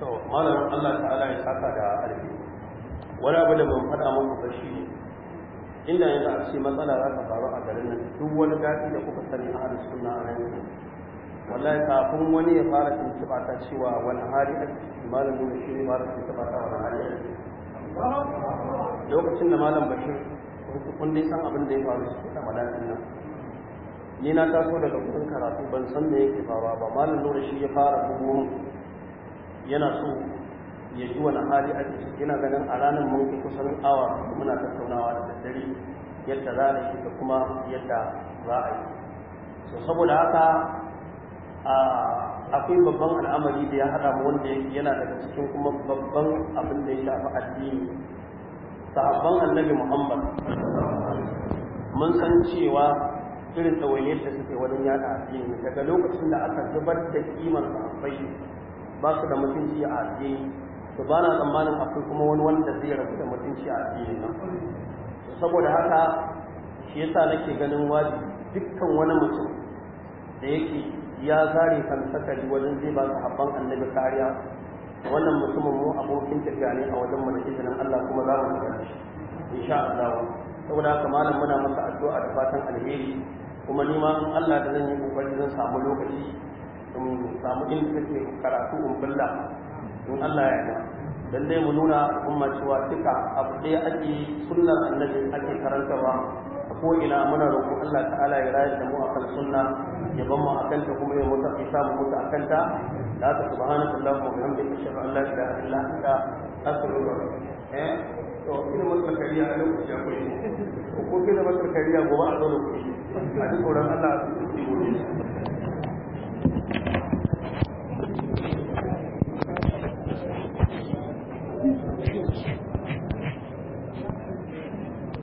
to malamin Allah ta'ala ya saka da alfi wani abu da ban faɗa muku ba shi ne inda yanzu a ce matsala za ta faru a garin nan duk wani gaɗi da kuka sani a halin sunna a nan wallahi kafin wani ya fara tuntuɓa ta cewa wani hali ake malam nuna shi ne fara tuntuɓa ta wani hali ake lokacin da malam bashir kun dai san abin da ya faru su da malamin nan ni na taso daga kudin karatu ban san me yake faruwa ba malam nuna shi ya fara bugu yana so ya ji wani hali a ciki yana ganin a ranar mun kusan awa muna tattaunawa da daddare yadda za a yi da kuma yadda za a yi so saboda haka akwai babban al'amari da ya haɗa mu wanda yana daga cikin kuma babban abin da ya shafi addini sahabban annabi muhammad mun san cewa irin ɗawainiyar da suke wajen yada addini daga lokacin da aka zubar da kimar sahabbai ba su da mutunci a addini to ba na tsammanin akwai kuma wani wanda zai rasu da mutunci a addini nan saboda haka shi yasa nake ganin wajibi dukkan wani mutum da yake ya zare kan sakari wajen zai ba su habban annabi kariya wannan mutumin mu abokin tafiya ne a wajen mu da izinin Allah kuma za mu shi insha Allah saboda haka malam muna masa addu'a da fatan alheri kuma ni ma Allah da zan yi kokari zan samu lokaci in samu ilmi take karatu in bulla in Allah ya dan dai mu nuna umma cewa duka abu ɗaya ake sunnar annabi ake karantarwa a ko ina muna roƙo Allah ta'ala ya rayar da mu akan sunna ya ban mu akan ta kuma ya mutu ya sa mu mutu akan ta la ta subhanaka wa bihamdika ashhadu an shi ilaha illa da astaghfiruka wa atubu eh to ina mutu kariya a lokaci ya koyi ko kina mutu kariya gobe a zo da a duk Allah ya yi Thank you.